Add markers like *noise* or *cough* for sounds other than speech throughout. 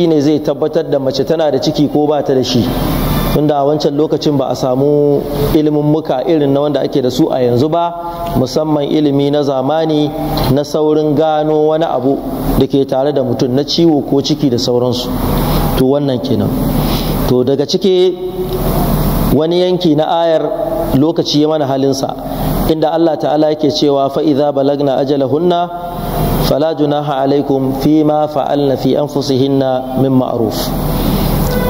ne zai tabbatar da mace tana da ciki ko ba ta da shi tunda a wancan lokacin ba a samu ilimin muka irin na wanda ake da su a yanzu ba musamman ilimi na zamani na saurin gano wani abu da ke tare da mutum na ciwo ko ciki da sauransu to wannan kenan to daga ciki wani yanki na ayar lokaci ya mana halinsa inda Allah ta'ala yake cewa fa'iza balagna ajalahunna fala juna alaikum fi ma na fi anfusihinna min ma'ruf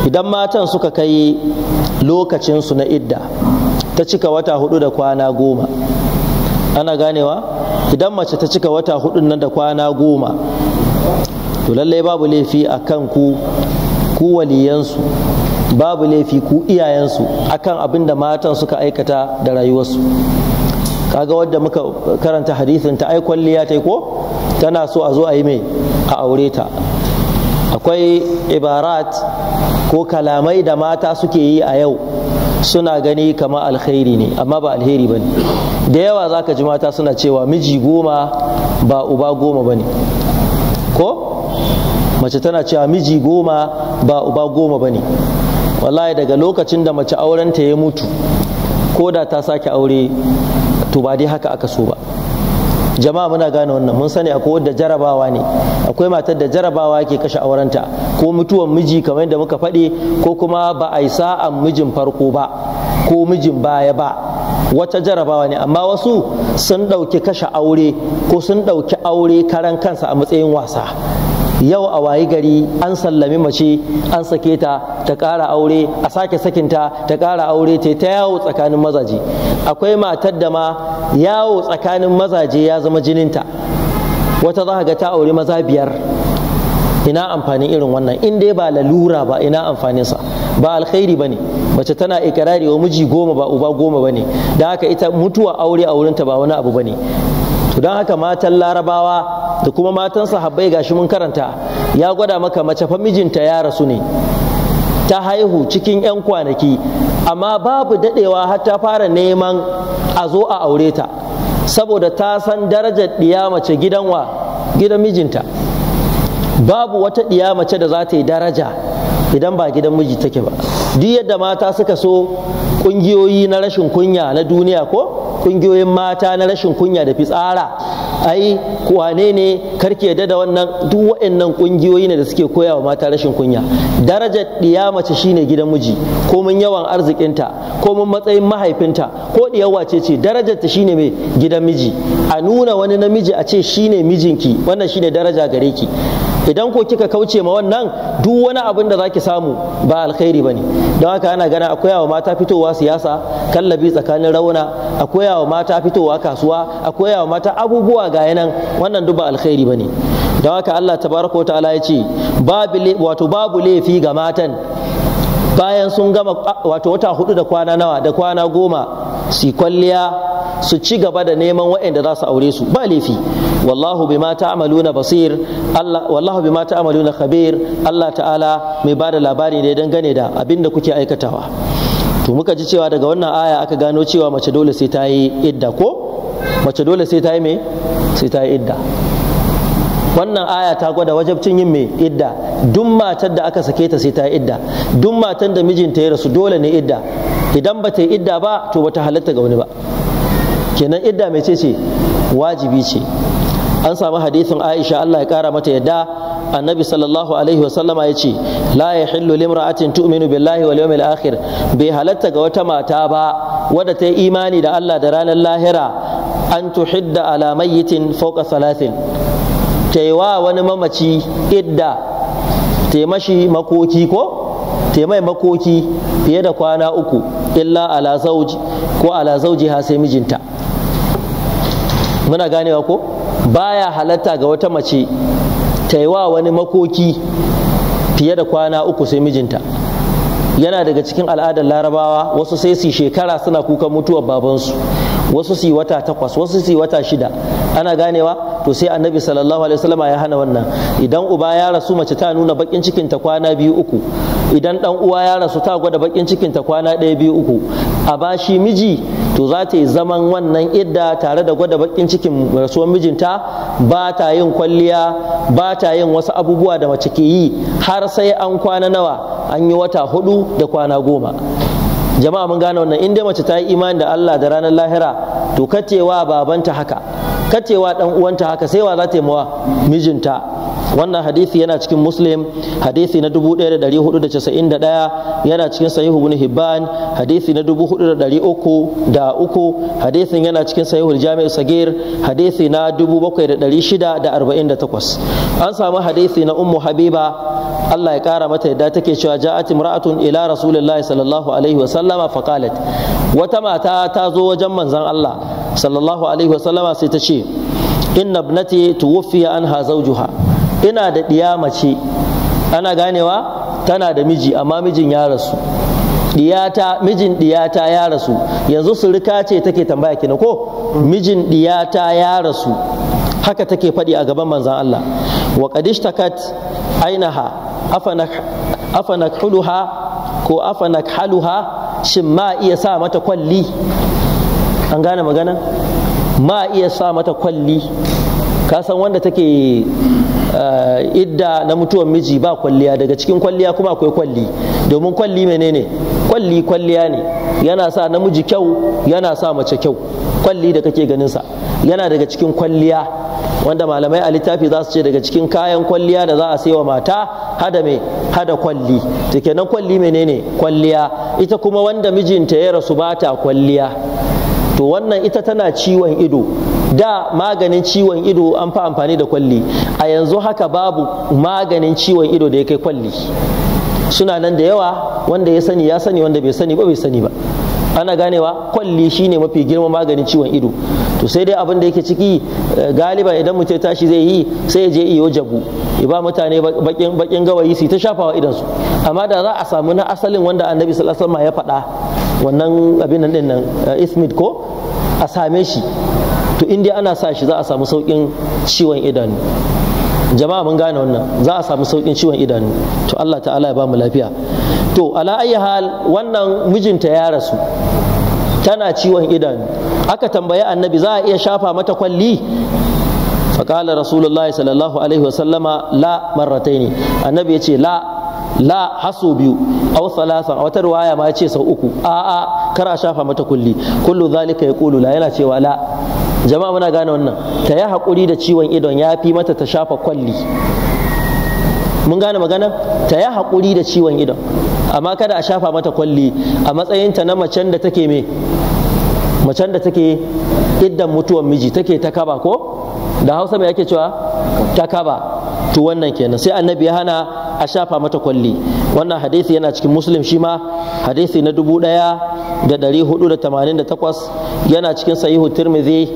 idan matan suka kai lokacinsu na idda ta cika wata hudu da kwana goma ana ganewa idan mace ta cika wata hudu nan da kwana goma to lallai babu laifi a kan ku ku waliyansu babu laifi ku iyayensu akan abin da matan suka aikata da rayuwarsu kaga wadda muka karanta hadisin ta ai kwalliya ta ko tana so a zo a yi mai a aure ta akwai ibarat ko kalamai da mata suke yi a yau suna gani kama alkhairi ne amma ba alheri ba ne da yawa za ka ji mata suna cewa miji goma ba uba goma ba ne ko mace tana cewa miji goma ba uba goma ba ne wallahi daga lokacin da mace aurenta ya mutu ko da ta sake aure to ba dai haka aka so ba jama'a muna gane wannan mun sani akwai wadda jarabawa ne akwai matar da jarabawa ke kashe aurenta ko mutuwan miji kamar yadda muka faɗi ko kuma ba a yi sa'an mijin farko ba ko mijin baya ba wata jarabawa ne amma wasu sun ɗauki kashe aure ko sun ɗauki aure karan kansa a matsayin wasa yau a wayi gari an sallami mace an sake ta ta ƙara aure a sake sakinta ta ƙara aure ta ta yawo tsakanin mazaje akwai matar da ma yawo tsakanin mazaje ya zama jininta wata za ga ta aure maza biyar ina amfanin irin wannan in dai ba lalura ba ina amfaninsa ba alkhairi ba mace tana ikirari wa miji goma ba uba goma ba ne da haka ita mutuwa aure a wurinta ba wani abu ba ne don haka matan larabawa da kuma matan sahabbai gashi mun karanta ya gwada maka mace fa mijinta ya rasu ne ta haihu cikin 'yan kwanaki amma babu dadewa har ta fara neman a zo a aure ta saboda ta san darajar diya mace gidan gidan mijinta babu wata ɗiya mace da za ta yi daraja idan ba gidan miji take ba duk yadda mata suka so ƙungiyoyi na rashin kunya na duniya ko kungiyoyin mata na rashin kunya da fitsara ai wane ne karki yadda da wannan duk waɗannan ƙungiyoyi ne da suke koya wa mata rashin kunya darajar ɗiya mace shine gidan miji ko mun yawan arzikinta ko mun matsayin mahaifinta ko ɗiyar wace ce darajar ta shine mai gidan miji a nuna wani namiji a ce shine mijinki wannan shine daraja gare ki idan ko kika kauce ma wannan duk wani abin da zaki samu ba alkhairi bane don haka ana gana a koyawa mata fitowa siyasa kallabi tsakanin rauna a koyawa mata fitowa kasuwa a koyawa mata abubuwa ga yanan wannan duk ba alkhairi bane don haka Allah tabaraka wa ta'ala ya ce babu wato babu laifi ga matan bayan sun gama wato wata hudu da kwana nawa da kwana goma su kwalliya su ci gaba da neman waɗanda za su aure su ba laifi wallahu bima ta'maluna basir Allah wallahu bima ta'maluna khabir Allah ta'ala mai bada labari ne dangane da abin da kuke aikatawa to muka ji cewa daga wannan aya aka gano cewa mace dole sai ta yi idda ko mace dole sai ta yi me sai ta yi idda wannan aya ta gwada wajabcin yin mai idda duk matar da aka sake ta sai ta idda duk matar da mijinta ya rasu dole ne idda idan ba ta idda ba to bata halatta ga wani ba kenan idda mai ce ce wajibi ce an samu hadithin Aisha Allah ya kara mata yadda annabi sallallahu alaihi wasallama ya ce la ya hillu limra'atin tu'minu billahi wal yawmil akhir bai halatta ga wata mata ba wadda ta yi imani da Allah da ranar lahira an tuhidda ala mayyitin fawqa salatin taiwa yi wa wani mamaci idda ta makoki ko taimai makoki fiye da kwana uku illa ala zauji ko ala zauji ha sai mijinta muna ganewa ko baya halatta ga wata mace taiwa wani makoki fiye da kwana uku sai mijinta yana daga cikin al'adar larabawa wasu sai su shekara suna kukan mutuwar babansu wasu su yi wata takwas wasu su yi wata shida ana ganewa to sai annabi sallallahu alaihi wasallam ya hana wannan idan uba ya rasu mace ta nuna bakin cikin ta kwana biyu uku idan dan uwa ya rasu ta gwada bakin cikin ta kwana ɗaya biyu uku a bashi miji to za ta yi zaman wannan idda tare da gwada bakin cikin rasuwar mijinta ba ta yin kwalliya ba ta yin wasu abubuwa da mace ke yi har sai an kwana nawa an yi wata hudu da kwana goma jama'a mun gane wannan in dai mace ta yi imani da Allah da ranar lahira to kacewa babanta haka kacewa ɗan uwanta haka sai wa za ta yi mawa mijinta wannan hadisi yana cikin muslim hadisi na 1491 yana cikin sahihu ibn hibban hadisi na da uku hadisin yana cikin sahihul jami'u sagir hadisi na 7648 an samu hadisi na ummu habiba Allah ya kara mata yadda take cewa ja'at imra'atun ila rasulillahi sallallahu alaihi wa sallama faqalat wata mata ta zo wajen manzon Allah sallallahu alaihi wa sallama sai ta ce inna ibnati tuwfiya anha zawjuha ina da ɗiya mace ana ganewa tana da miji amma mijin ya rasu diyata mijin diyata ya rasu yanzu surika ce take tambaya kina ko mijin diyata ya rasu haka take faɗi a gaban manzan Allah wa qadishtakat ainaha afanak huluha ko afanak haluha shin ma iya sa mata kwalli an gane magana ma iya sa mata kwalli ka san wanda take Eh, idda na mutuwan miji ba kwalliya daga cikin kwalliya kuma akwai kwalli domin kwalli menene kwalli kwalliya ne yana sa namiji kyau yana sa mace kyau kwalli da kake ganin sa yana daga cikin kwalliya wanda malamai a littafi za su ce daga cikin kayan kwalliya da za a sai wa mata hada me hada kwalli ta kenan kwalli menene kwalliya ita kuma wanda mijinta ya rasu bata kwalliya to wannan ita tana ciwon ido da maganin ciwon ido an fi amfani da kwalli a yanzu haka babu maganin ciwon ido da ya kai kwalli suna nan da yawa wanda ya sani ya sani wanda bai sani ba bai sani ba ana ganewa kwalli shine mafi girma maganin ciwon ido to sai dai abin da yake ciki eh, galiba idan mutum tashi zai yi sai ya je iyo jabu ya ba mutane bakin gawayi su ta shafawa idan su amma da za a samu na asalin wanda annabi sallallahu alaihi wasallam ya faɗa wannan abin nan din nan eh, ismid ko a same shi to in dai ana sa shi za a samu sauƙin ciwon idanu jama'a mun gane wannan za a samu sauƙin ciwon idanu to Allah ta'ala ya ba mu lafiya to ala ayi hal wannan mijinta ya rasu tana ciwon idanu aka tambayi annabi za a iya shafa mata kwalli faƙalar rasulullah sallallahu alaihi wasallama la marratai ne annabi ya ce la la hasu biyu aw thalatha a wata riwaya ma ya ce sau uku a'a kar a shafa mata kulli kullu zalika kulu la yana cewa la jama'a muna gane wannan ta yi haƙuri da ciwon idon ya fi mata ta shafa kwalli mun gane magana ta yi haƙuri da ciwon idon amma kada a shafa mata kwalli a matsayinta na macen da take me macen da take iddan mutuwan miji take ta kaba ko da hausa mai yake cewa ta kaba to wannan kenan sai annabi ya hana a shafa mata kwalli wannan hadisi yana cikin muslim shi ma hadisi na dubu ɗaya da ɗari hudu da tamanin da takwas yana cikin sahihu tirmidhi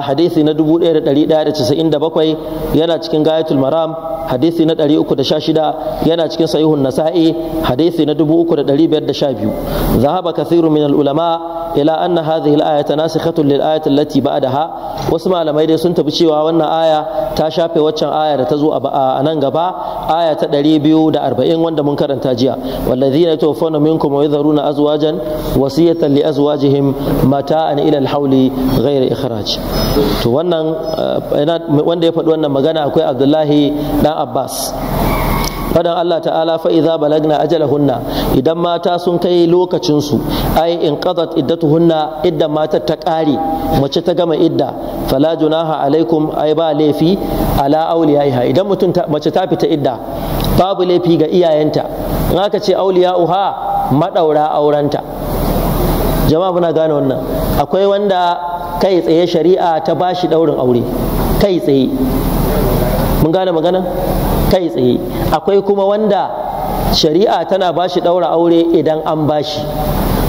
hadisi na dubu ɗaya da ɗari ɗaya da casa'in da bakwai yana cikin gayatul maram hadisi na ɗari uku da sha shida yana cikin sahihun nasa'i hadisi na dubu uku da ɗari biyar da sha biyu zahaba kathiru min ulama ila anna hadhihi al-ayata nasikhatun lil ayati allati ba'daha wasu malamai dai sun tafi cewa wannan aya ta shafe waccan aya da ta zo a nan gaba aya ta 240 wanda wanda mun karanta jiya wallazina yatawaffawna minkum wa yadharuna azwajan wasiyatan li azwajihim mata'an ila al-hawli ghayra ikhraj to wannan eh, wanda ya faɗi wannan magana akwai Abdullahi dan Abbas fadan Allah ta'ala fa idza balagna ajalahunna idan mata sun kai lokacin su ai in qadat iddatuhunna idda mata ta kare mace ta gama idda fala junaha alaikum ai ba laifi ala auliyaiha idan mutum mace ta fita idda babu laifi ga iyayenta in aka ce auliya'uha madaura aurenta jama'a muna gane wannan akwai wanda kai tsaye shari'a ta bashi daurin aure kai tsaye mun gane magana kai tsaye akwai kuma wanda shari'a tana ba shi ɗaura aure idan an ba shi.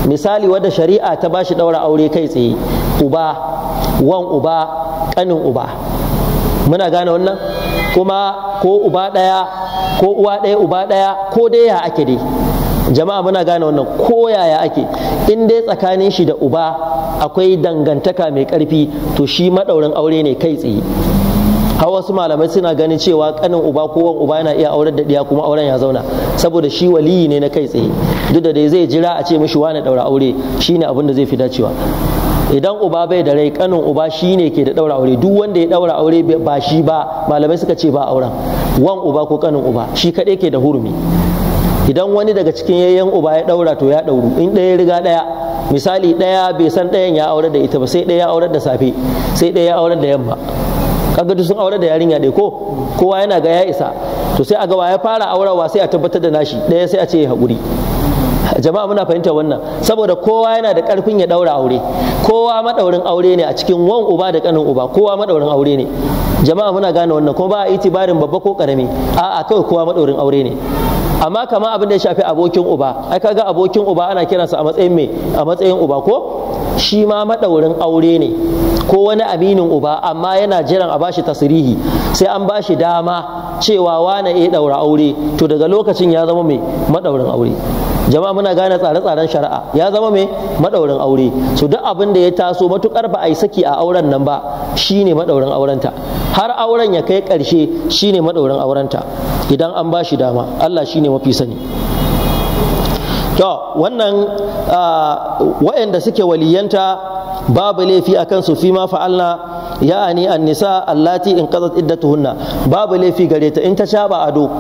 misali wadda shari'a ta ba shi ɗaura aure kai tsaye uba wan uba ƙanin uba muna gane wannan kuma ko uba ɗaya ko uwa ɗaya uba ɗaya ko dai ya ake dai jama'a muna gane wannan ko yaya ake in dai tsakanin shi da uba akwai dangantaka mai ƙarfi to shi maɗaurin aure ne kai tsaye har wasu malamai suna ganin cewa kanin uba ko wan uba yana iya aurar da ɗiya kuma auren ya zauna saboda shi waliyi ne na kai tsaye duk da dai zai jira a ce mishi wani daura aure shine abin da zai fi dacewa idan uba bai da rai kanin uba shine ke da daura aure duk wanda ya daura aure ba shi ba malamai suka ce ba auren wan uba ko kanin uba shi kadai ke da hurumi idan wani daga cikin yayyan uba ya daura to ya dauru in ɗaya riga daya misali ɗaya bai san ɗayan ya aure da ita ba sai ɗaya ya aure da safe sai ɗaya ya aurar da yamma kaga duk sun aure da yarinya ɗaya ko kowa yana ga ya isa to sai a ga ya fara aurawa sai a tabbatar da nashi ɗaya sai a ce ya haƙuri jama'a muna fahimta wannan saboda kowa yana da ƙarfin ya ɗaura aure kowa maɗaurin aure ne a cikin wan uba da ƙanin uba kowa maɗaurin aure ne jama'a muna gane wannan kuma ba a itibarin babba ko ƙarami a'a kawai kowa maɗaurin aure ne amma kama abin da ya shafi abokin uba ai kaga abokin uba ana kiransa a matsayin me a matsayin uba ko shi ma madaurin aure ne ko wani aminin uba amma yana jiran a bashi tasirihi sai an bashi dama cewa wane ya eh, daura aure to daga lokacin ya zama mai madaurin aure jama'a muna gane tsare-tsaren shari'a ya zama mai maɗaurin aure su duk abin da ya taso matukar ba a yi saki a auren nan ba shine madaurin aurenta har auren ya kai karshe shine madaurin aurenta idan an ba shi dama Allah shine mafi sani to wannan waɗanda suke waliyanta babu laifi akan su fi ma fa'alna an nisa allati in qadat Tuhunna babu laifi gare ta in ta sha ado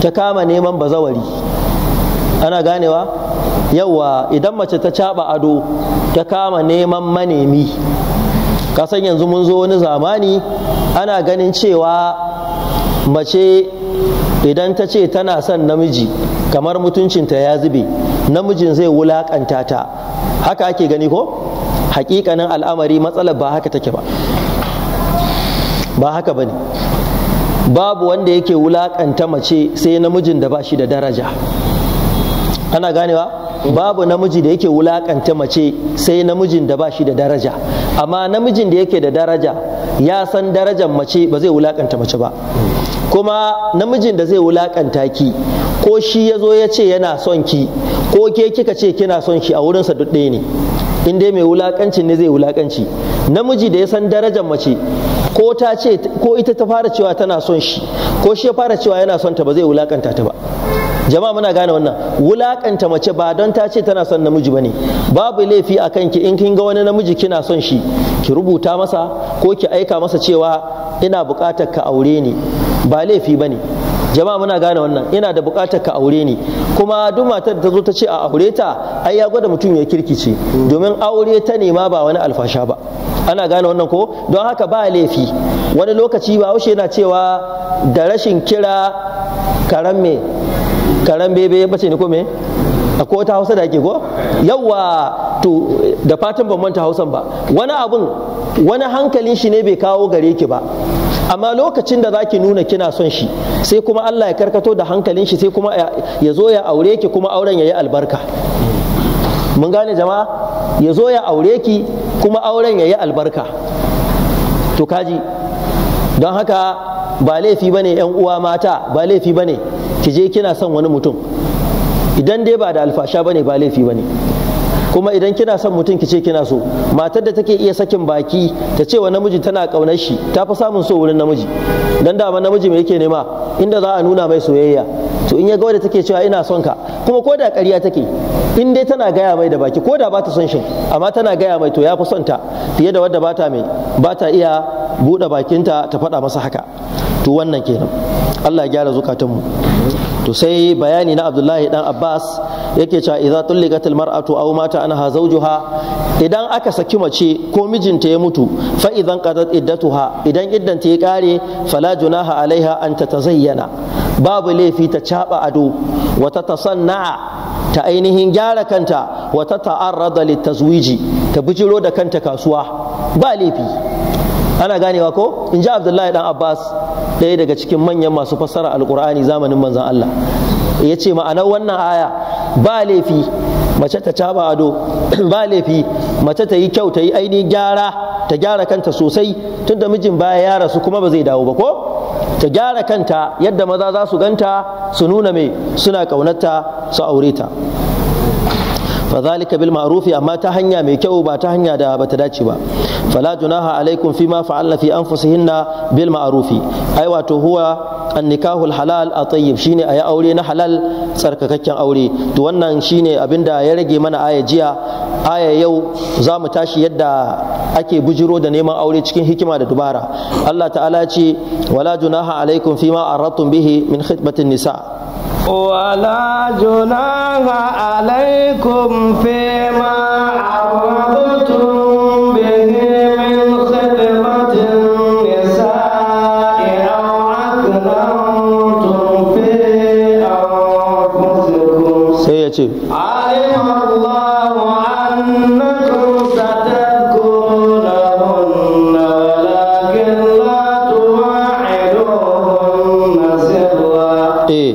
ta kama neman bazawari ana ganewa yawa idan mace ta caba ado ta kama neman manemi kasan yanzu mun zo wani zamani ana ganin cewa mace idan ta ce tana son namiji kamar mutuncinta ya zube namijin zai wulakanta ta haka ake gani ko hakikanin al'amari matsalar ba haka take ba ba haka ba ne babu wanda yake wulakanta mace sai namijin da ba shi da daraja ana ganewa babu namiji da yake wulakanta mace sai namijin da ba shi da daraja amma namijin da yake da daraja ya san darajar mace ba zai wulakanta mace ba kuma namijin da zai wulakanta ki ko shi ya zo ya ce yana son ki ko ke kika ce kina son shi a wurinsa duk ɗaya ne in dai mai wulakancin ne zai wulakanci namiji da ya san darajar mace ko ta ce ko ita ta fara cewa tana son shi ko shi ya fara cewa yana son ta ba zai wulakanta ta ba jama'a muna gane wannan wulakanta mace ba don ta ce tana son namiji bane babu laifi a kanki in kin ga wani namiji kina son shi ki rubuta masa ko ki aika masa cewa ina buƙatar ka aure ni ba laifi bane jama'a muna gane wannan ina da buƙatar ka aure ni kuma duk matar da ta zo ta ce a aure ta ai ya gwada mutum ya kirkice domin aure ta nema ba wani alfasha ba ana gane wannan ko don haka ba laifi wani lokaci ba yana cewa da rashin kira karen karen bebe ya bace ne ko me A ko ta hausa da ake ko yawa to da fatan ban manta hausan ba wani abun wani hankalin shi ne bai kawo gare ki ba amma lokacin da zaki nuna kina son shi sai kuma Allah ya karkato da hankalin shi sai kuma ya zo ya aure ki kuma auren ya yi albarka mun gane jama'a ya zo ya aure ki kuma auren ya yi albarka to kaji don haka ba laifi bane yan uwa mata ba laifi bane ki je kina son wani mutum idan dai ba da alfasha bane ba laifi bane kuma idan kina son mutum ki ce kina so matar da take iya sakin baki ta ce namiji tana kaunar shi ta fi samun so wurin namiji dan dama namiji me yake nema inda za a nuna mai soyayya to in ya ga wanda take cewa ina son ka kuma ko da ƙarya take in dai tana gaya mai da baki ko da ba ta son shi amma tana gaya mai to ya fi son ta fiye da wadda ba ta mai ba ta iya buɗe bakinta ta faɗa masa haka to wannan kenan Allah ya gyara zukatanmu to sai bayani na Abdullahi dan Abbas yake cewa idza tulliqatil mar'atu aw mata anha zawjuha idan aka saki mace ko mijinta ya mutu fa idan qadat iddatuha idan ta ya kare fala junaha alaiha an tatazayyana babu laifi ta caba ado wa ta tasanna'a ta ainihin gyara kanta wa ta ta'arrada litazwiji ta bijiro da kanta kasuwa ba laifi ana ganewa ko in ji abdullahi dan abbas ɗaya daga cikin manyan masu fassara alkur'ani zamanin manzan allah ya ce ma'anar wannan aya ba laifi mace ta caba ado *clears throat* ba laifi mace ta yi kyau ta yi ainihin gyara ta gyara kanta sosai tunda mijin baya ya rasu kuma ba zai dawo ba ko ta gyara kanta yadda maza za su ganta su nuna mai suna ƙaunarta su aure ta fa bil ma'rufi amma ta hanya mai kyau ba ta hanya da bata dace ba fala junaha alaikum fima fa'alna fi anfusihinna bil ma'rufi ai wato huwa an nikahul halal a tayyib shine a yi aure na halal tsarkakakken aure to wannan shine abinda ya rage mana aya jiya aya yau za mu tashi yadda ake bujiro da neman aure cikin hikima da dubara Allah ta'ala ce wala junaha alaikum fima arattum bihi min khitbatin nisa ولا جناح عليكم فيما عرضتم به من خدمة النساء أو في أنفسكم علم الله أنكم ستذكرونهن لا سرا إيه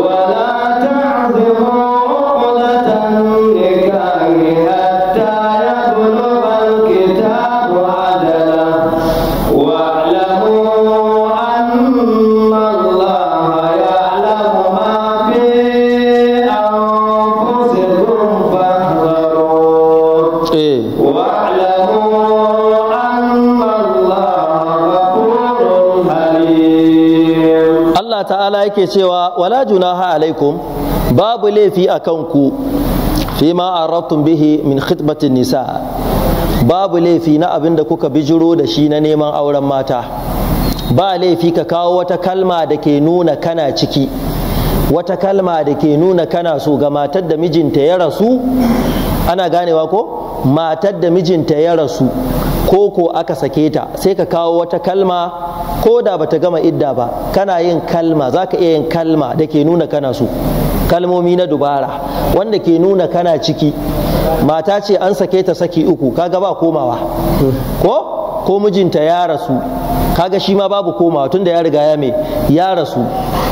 yake cewa wala junaha alaikum babu laifi a kanku ma arattum bihi min khitbatin nisa babu laifi na abin da kuka bijiro da shi na neman auren mata ba laifi ka kawo wata kalma da ke nuna kana ciki wata kalma da ke nuna kana so ga matar da mijinta ya rasu ana ganewa ko matar da mijinta ya rasu ko ko aka sake ta sai ka kawo wata kalma ko da bata gama idda ba kana yin kalma za ka iya yin kalma da ke nuna kana su. kalmomi na dubara wanda ke nuna kana ciki mata ce an sake ta saki uku kaga ba komawa ko ko mijinta ya rasu kaga shi ma babu komawa tunda ya riga ya me ya rasu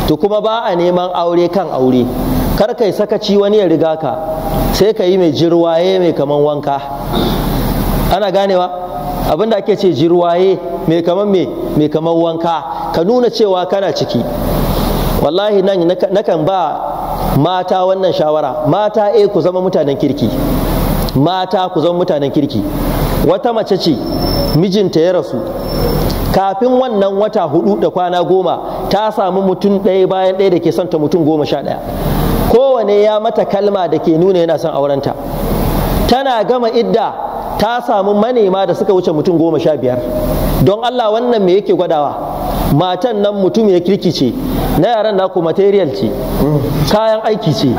to kuma ba a neman aure kan aure kar kai sakaci wani ya riga ka sai ka yi mai jirwaye mai kaman wanka ana ganewa abinda ake ce jirwaye Mai kamar me me kamar wanka ka nuna cewa kana ciki wallahi nan nakan ba mata wannan shawara mata eh ku zama mutanen kirki mata ku zama mutanen kirki wata mace ce mijinta ya rasu kafin wannan wata hudu da kwana goma ta samu mutum ɗaya bayan ɗaya da ke son ta mutum goma sha ɗaya kowane ya mata kalma da ke nuna yana son aurenta tana gama idda ta samu manema da suka wuce mutum goma sha biyar don Allah wannan me yake gwadawa matan nan mutum ya kirki ce na yaran ku material ce kayan aiki ce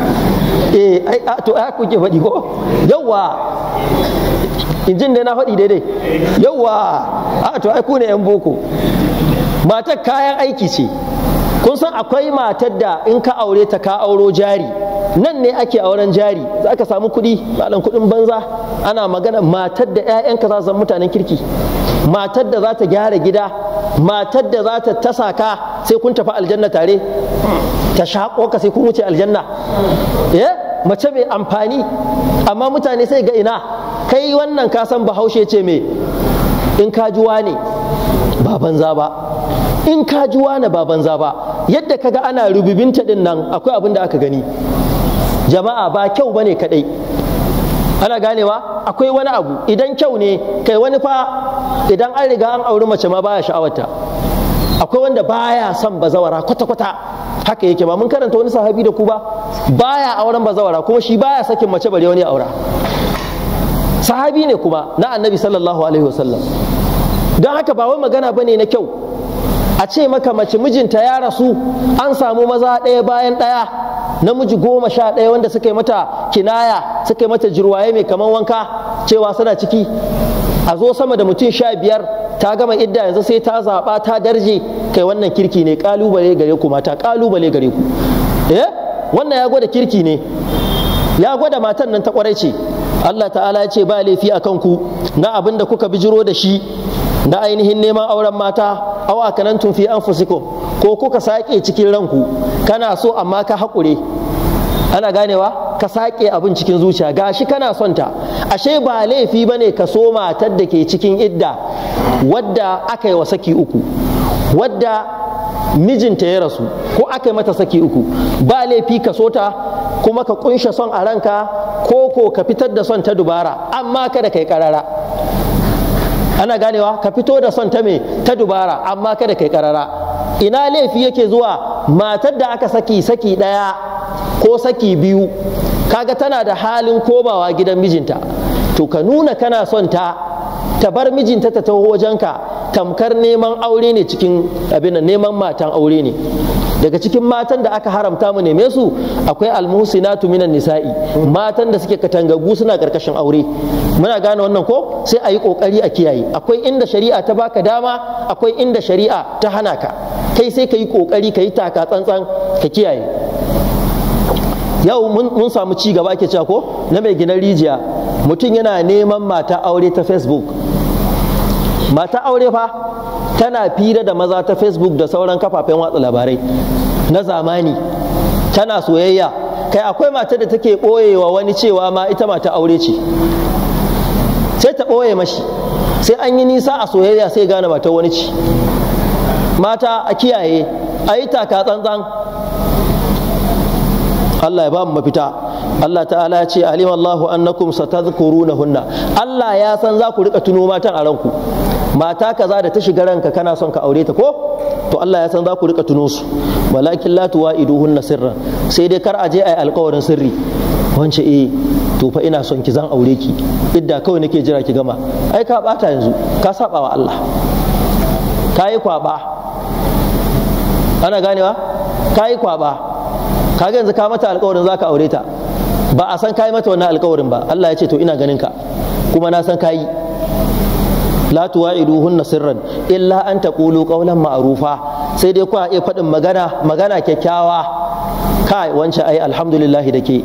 eh to ai kuke faɗi ko yawa injin da na faɗi daidai yawa a to ai ku ne yan boko matar kayan aiki ce kun san akwai matar da in ka aure ta ka auro jari nan ne ake auren jari za ka samu kuɗi malam kuɗin banza ana magana matar da 'ya'yanka za su mutanen kirki matar da za ta gyara gida matar da za ta tasa ka sai kun tafi aljanna tare ta shaƙo ka sai kun wuce aljanna eh? mace mai amfani amma mutane sai ga ina kai wannan ka san bahaushe ce me in ka juwa ne ba banza ba in ka juwa ne ba banza ba yadda kaga ana rububinta din nan akwai abin da aka gani jama'a ba kyau bane kadai ana ganewa akwai wani abu idan kyau ne kai wani fa idan an riga an auri mace ma baya sha'awarta akwai wanda baya son bazawara kwata-kwata haka yake ba mun karanta wani sahabi da ku ba baya auren bazawara kuma shi baya sakin mace bare wani aura sahabi ne kuma na annabi sallallahu alaihi wasallam don haka ba wai magana bane na kyau a ce maka mace mijinta ya rasu an samu maza ɗaya bayan ɗaya namiji goma sha ɗaya wanda suka yi mata kinaya suka yi mata jirwaye mai kaman wanka cewa suna ciki a zo sama da mutum sha biyar ta gama idda yanzu sai ta zaɓa ta darje kai wannan kirki ne ƙalubale gare ku mata ƙalubale gare ku eh wannan ya gwada kirki ne ya gwada matan nan ta ƙwarai ce Allah ta'ala ya ce ba laifi a kanku na abin da kuka bijiro da shi na ainihin neman auren mata aw akanantum fi anfusikum ko kuka sake cikin ranku kana so amma ka haƙure ana ganewa ka saƙe abin cikin zuciya gashi kana son ta ashe ba laifi ba ne ka so matar da ke cikin idda wadda aka yi wa saki uku wadda mijinta ya rasu ko aka yi mata saki uku ba laifi ka so ta kuma ka kunshe son a ranka ko ko ka fitar da son ta dubara amma kada kai karara ana ganewa ka fito da son ta me ta dubara amma kada kai karara ina laifi yake zuwa matar da aka saki saki ɗaya ko saki biyu kaga tana da halin komawa gidan mijinta to ka nuna kana son ta ta bar mijinta ta taho wajenka tamkar neman aure ne cikin abin neman matan aure ne daga cikin matan da aka haramta mu neme su akwai almuhsinatu minan nisa'i matan da suke katangagu suna karkashin aure muna gane wannan ko sai a yi kokari a kiyaye akwai inda shari'a ta baka dama akwai inda shari'a ta hana ka kai sai ka yi kokari ka yi taka tsantsan ka kiyaye yau mun samu ci gaba ke cewa ko na mai gina rijiya mutum yana neman mata aure ta facebook mata aure fa tana fira da maza ta facebook da sauran kafafen watsa labarai na zamani tana soyayya kai akwai mata da take ɓoyewa wani cewa ma ita mata aure ce sai ta ɓoye mashi sai an yi nisa a soyayya sai gane mata wani ci mata a kiyaye a yi taka tsantsan Allah ya ba mu mafita Allah ta'ala ya ce alim Allahu annakum satadhkurunahunna Allah ya san za ku rika tuno matan a ranku mata kaza da ta shiga ranka kana son ka aure ta ko to Allah ya san za ku rika tuno su walakin la tuwaiduhunna sirran sai dai kar a je ai alƙawarin sirri wance eh to fa ina son ki zan aure ki idda kawai nake jira ki gama ai ka bata yanzu ka saba wa Allah ka yi kwaba ana ganewa ka yi kwaba kaga yanzu ka mata alƙawarin zaka aure ta ba a san kai mata wannan alƙawarin ba Allah ya ce to ina ganin ka kuma na san kai la tuwa'iduhunna sirran illa an taqulu qawlan ma'rufa sai dai kuwa a iya faɗin magana magana kyakkyawa kai wancan ai alhamdulillah da ke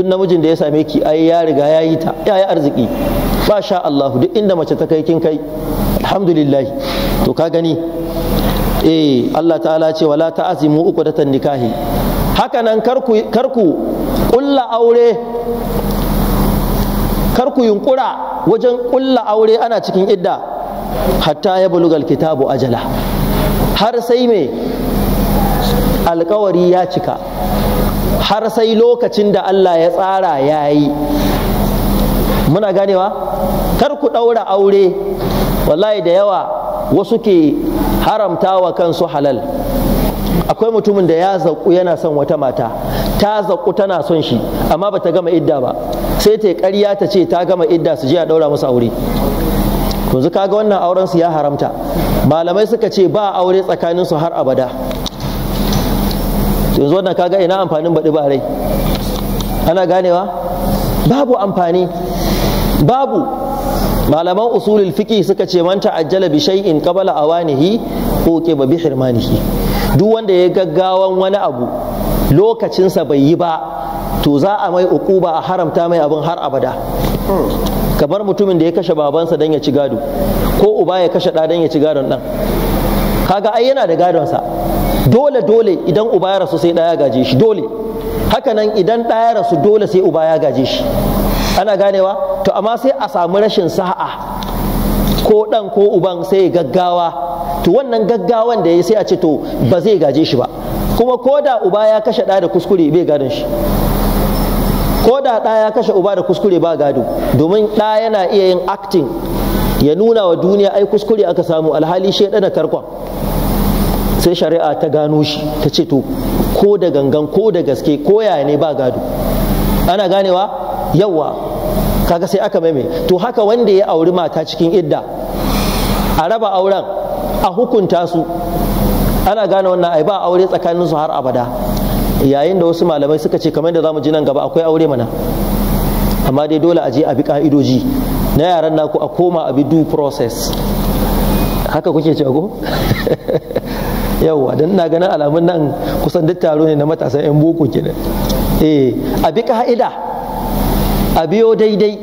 duk namijin da ya same ki ai ya riga ya yi ta ya yi arziki ba sha Allah duk inda mace ta kai kin kai alhamdulillah to ka gani eh Allah ta'ala ce wala ta'azimu uqdatan nikahi hakanan karku kulla aure karku yunkura wajen kulla aure ana cikin idda hatta ya bulugal kitabu ajala har sai mai alkawari ya cika har sai lokacin da Allah ya tsara ya yi muna ganewa kar ku ɗaura aure wallahi da yawa wasu ke haramta wa kansu halal akwai mutumin da ya zaƙu yana son wata mata ta zaƙu tana son shi amma ba ta gama idda ba sai ta ƙarya ta ce ta gama idda su je a ɗaura masa aure yanzu kaga wannan auren su ya haramta malamai suka ce ba aure tsakanin su har abada yanzu wannan kaga ina amfanin baɗi ba rai ana ganewa babu amfani babu malaman usulul fiqh suka ce man ta'ajjala bi shay'in qabla awanihi uqiba bi hirmanihi duk wanda ya gaggawan wani abu lokacinsa bai yi ba to za a mai ba a haramta mai abin har abada kamar mutumin da ya kashe babansa don ya ci gado ko uba ya kashe ɗa don ya ci gadon ɗan kaga ai yana da gadonsa dole dole idan uba ya rasu sai ɗaya gaje shi dole hakanan idan ɗaya rasu dole sai uba ya gaje shi ana ganewa to amma sai a samu rashin sa'a ko ɗan ko uban sai gaggawa to wannan gaggawan da ya sai a ce to ba zai gaje shi ba kuma ko da uba ya kashe ɗa da kuskure bai gadon shi ko da ɗa ya kashe uba da kuskure ba gado domin ɗa yana iya yin acting ya nuna wa duniya ai kuskure aka samu alhali shi ɗana tarkon sai shari'a ta gano shi ta ce to ko da gangan ko da gaske ko yaya ne ba gado ana ganewa yawa kaga sai aka maimai to haka wanda ya auri mata cikin idda a raba auren a hukunta su ana gane wannan ai ba aure tsakanin su har abada yayin da wasu malamai suka ce kamar da zamu ji nan gaba akwai aure mana amma dai dole a je a bi ka'idoji na yaran naku a koma a bi due process haka kuke ce ko *laughs* yawwa dan ina ganin alamun nan kusan duk taro ne na matasan yan boko kenan eh a bi ka'ida a biyo daidai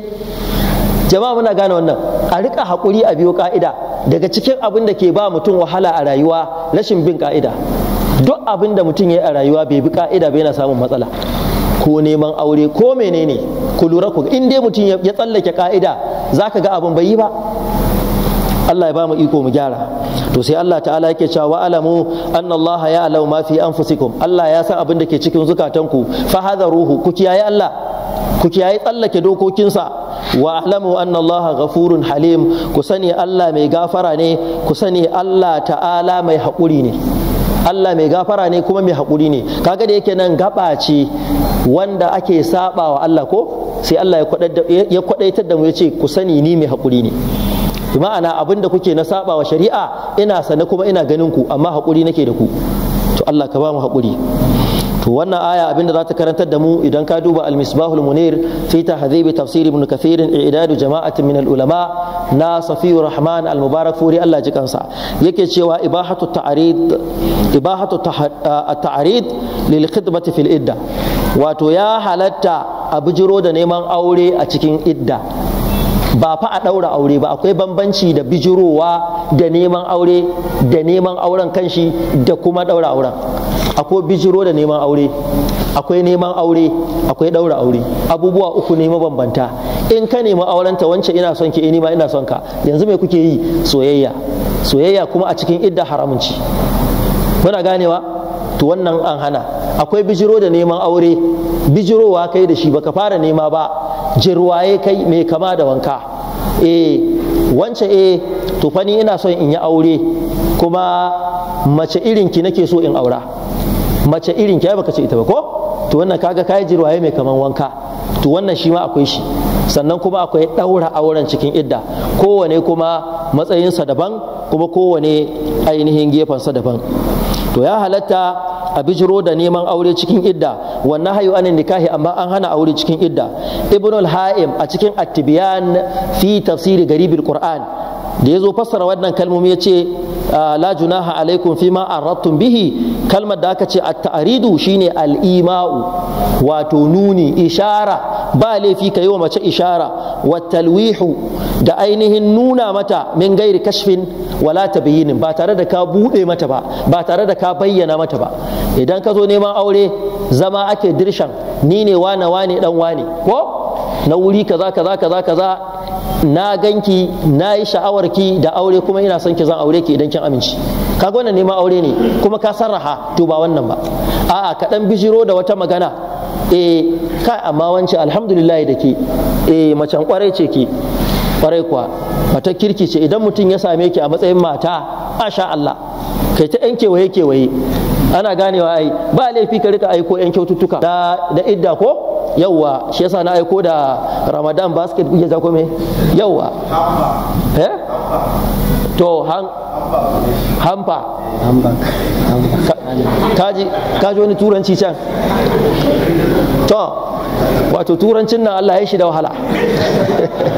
jama'a muna gane wannan a rika hakuri a biyo ka'ida daga cikin abin da ke ba mutum wahala a rayuwa rashin bin ka'ida duk abin da mutum ya yi a rayuwa bai bi ka'ida bai yana samun matsala ko neman aure ko menene ku lura ku in dai mutum ya tsallake ka'ida za ka ga abin bai yi ba Allah ya ba mu iko mu gyara to sai Allah ta'ala yake cewa alamu anna Allah ya alau ma fi anfusikum Allah ya san abin da ke cikin zukatanku fa hadaruhu ku kiyaye Allah ku kiyaye tsallake dokokinsa wa ahlamu anna Allah ghafurun halim ku sani Allah mai gafara ne ku sani Allah ta'ala mai haƙuri ne Allah mai gafara ne kuma mai haƙuri ne kaga da yake nan gaba ce wanda ake saba wa Allah ko sai Allah ya kwadaitar da mu ya ce ku sani ni mai haƙuri ne ma'ana abin da kuke na saba wa shari'a ina sane kuma ina ganin ku amma haƙuri nake da ku to Allah ka ba mu haƙuri to wannan aya abinda za ta karantar da mu idan ka duba al-misbahul munir fi tahdhib tafsir ibn kathir i'dadu jama'atin min al-ulama na safiur rahman al-mubarak furi Allah ji kansa yake cewa ibahatu ta'rid ibahatu at-ta'rid lil khidmati fil idda wato ya halatta a bijiro da neman aure a cikin idda ba fa a ɗaura aure ba akwai bambanci da bijirowa da neman aure da neman auren kanshi da kuma ɗaura auren akwai bijiro da neman aure akwai neman aure akwai ɗaura aure abubuwa uku ne mabambanta in ka nemi aurenta wance ina son ki eh, ni ma ina son ka yanzu me kuke yi soyayya soyayya kuma a cikin idda haramun ci muna ganewa to wannan an hana akwai bijiro da neman aure bijirowa kai da shi baka fara nema ba jirwaye kai mai kama da wanka eh wance e eh, to ina son in yi aure kuma mace irin ki nake so in aura mace irin ki ai baka ce ita ba ko to wannan kaga kai jirwaye mai kaman wanka to wannan shi ma akwai shi sannan kuma akwai ɗaura auren cikin idda kowane kuma matsayinsa daban kuma kowane ainihin gefensa daban to ya halatta a bijiro da neman aure cikin idda wannan hayu anin nikahi amma an hana aure cikin idda ibnul haim a cikin at fi tafsiri garibil qur'an da ya zo fassara wannan kalmomi ya ce ah, la junaha alaikum fi ma arattum bihi kalmar da aka ce at ta'ridu shine al ima'u wato nuni ishara ba laifi ka yi wa mace ishara wa talwihu da ainihin nuna mata min gairi kashfin wala tabyinin ba tare da ka bude mata ba ba tare da ka bayyana mata ba idan ka zo neman aure zama ake dirshan ni ne wane wane dan wane ko na wuri kaza kaza kaza kaza na ganki na yi sha'awarki da aure kuma ina son ki zan aure ki idan kin amince kaga wannan neman aure ne kuma ka sarraha to ba wannan ba a'a ka dan bijiro da wata magana e eh, ka amma wance alhamdulillah da ke eh macen kwarai ce ki kwarai kuwa mata kirki ce idan mutum ya same ki a matsayin mata asha Allah kai ta yan kewaye kewaye ana ganewa ai ba laifi ka rika aiko yan kyaututtuka da da idda ko yawa shi yasa na aiko da ramadan basket kuke za ko me yawa eh to han hampa kaji kaji wani turanci can to wato turancin nan Allah ya shi da wahala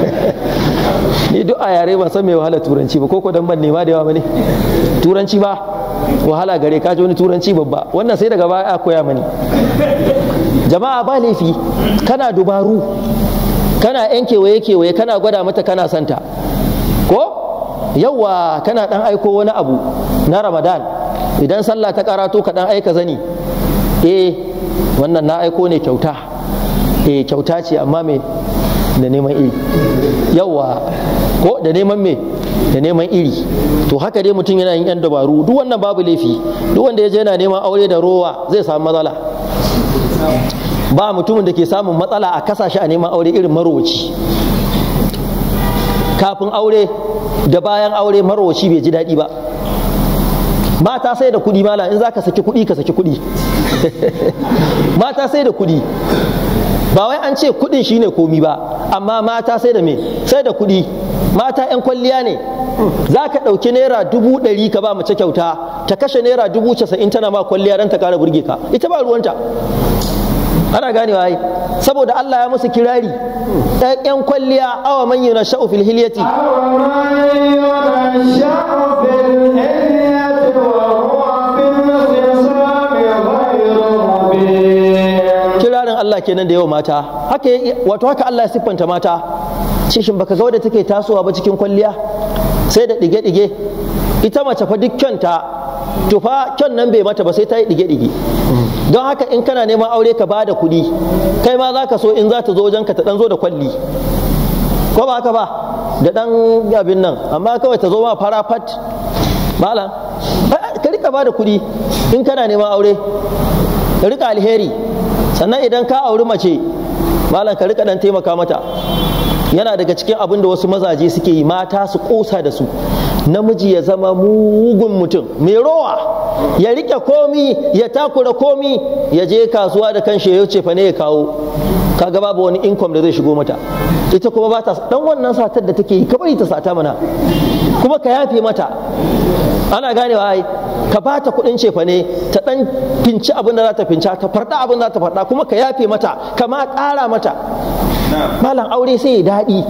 *laughs* ni duk a yare ba san me wahala turanci ba ko ko dan ban nema da yawa bane turanci ba wahala gare ka ji wani turanci babba wannan sai daga baya koya mani jama'a ba laifi kana dubaru kana yan kewaye kewaye kana gwada mata kana santa ko yawa kana dan aiko wani abu na ramadan idan sallah ta karato ka dan aika zani eh wannan na aiko ne kyauta eh kyauta ce amma me da neman eh yawa ko da neman me da neman iri to haka dai mutum yana yin yan dabaru duk wannan babu laifi duk wanda ya je yana neman aure da rowa zai samu matsala ba mutumin da ke samun matsala a kasashe a neman aure irin marowaci kafin aure da bayan aure marowaci bai ji daɗi ba mata sai da kuɗi mala in za ka saki kuɗi ka saki kuɗi *laughs* mata sai da kuɗi ba wai an ce kuɗin shine komi ba amma mata sai da me sai da kuɗi mata 'yan kwalliya ne za ka ɗauki naira dubu ɗari ka ba mace kyauta ta kashe naira dubu casa'in tana ma kwalliya don ta ƙara burge ka ita ba ruwanta ana ganewa ai saboda Allah ya musu kirari ɗan kwalliya awa manyan yuna sha'u fil hilyati kirarin Allah kenan da yawa mata haka wato haka Allah ya siffanta mata ce baka ga wadda take tasowa ba cikin kwalliya sai da ɗige-ɗige ita mace fa duk kyanta to fa kyan nan bai mata ba sai ta yi ɗige-ɗige don haka in kana neman aure ka bada kuɗi kai ma za ka so in za ta zo wajenka ta ɗan zo da kwalli ko ba haka ba da ɗan abin nan amma kawai ta zo ma fara fat malam ka rika bada kuɗi in kana neman aure ka rika alheri sannan idan ka auri mace malam ka rika ɗan taimaka mata yana daga cikin abin da wasu mazaje suke yi mata su kosa da su namiji ya zama mugun mutum mai rowa ya rike komi ya takura komi ya je kasuwa da kanshi ya ce fa ne ya kawo kaga babu wani income da zai shigo mata ita kuma ba ta dan wannan satar da take yi ka bari ta sata mana kuma ka yafe mata ana ganewa ai ka ba ta kuɗin cefa ne ta ɗan finci abin da za ta finca ta farɗa abin da za ta farɗa kuma ka yafe mata ka ma ƙara mata malam aure sai ya daɗi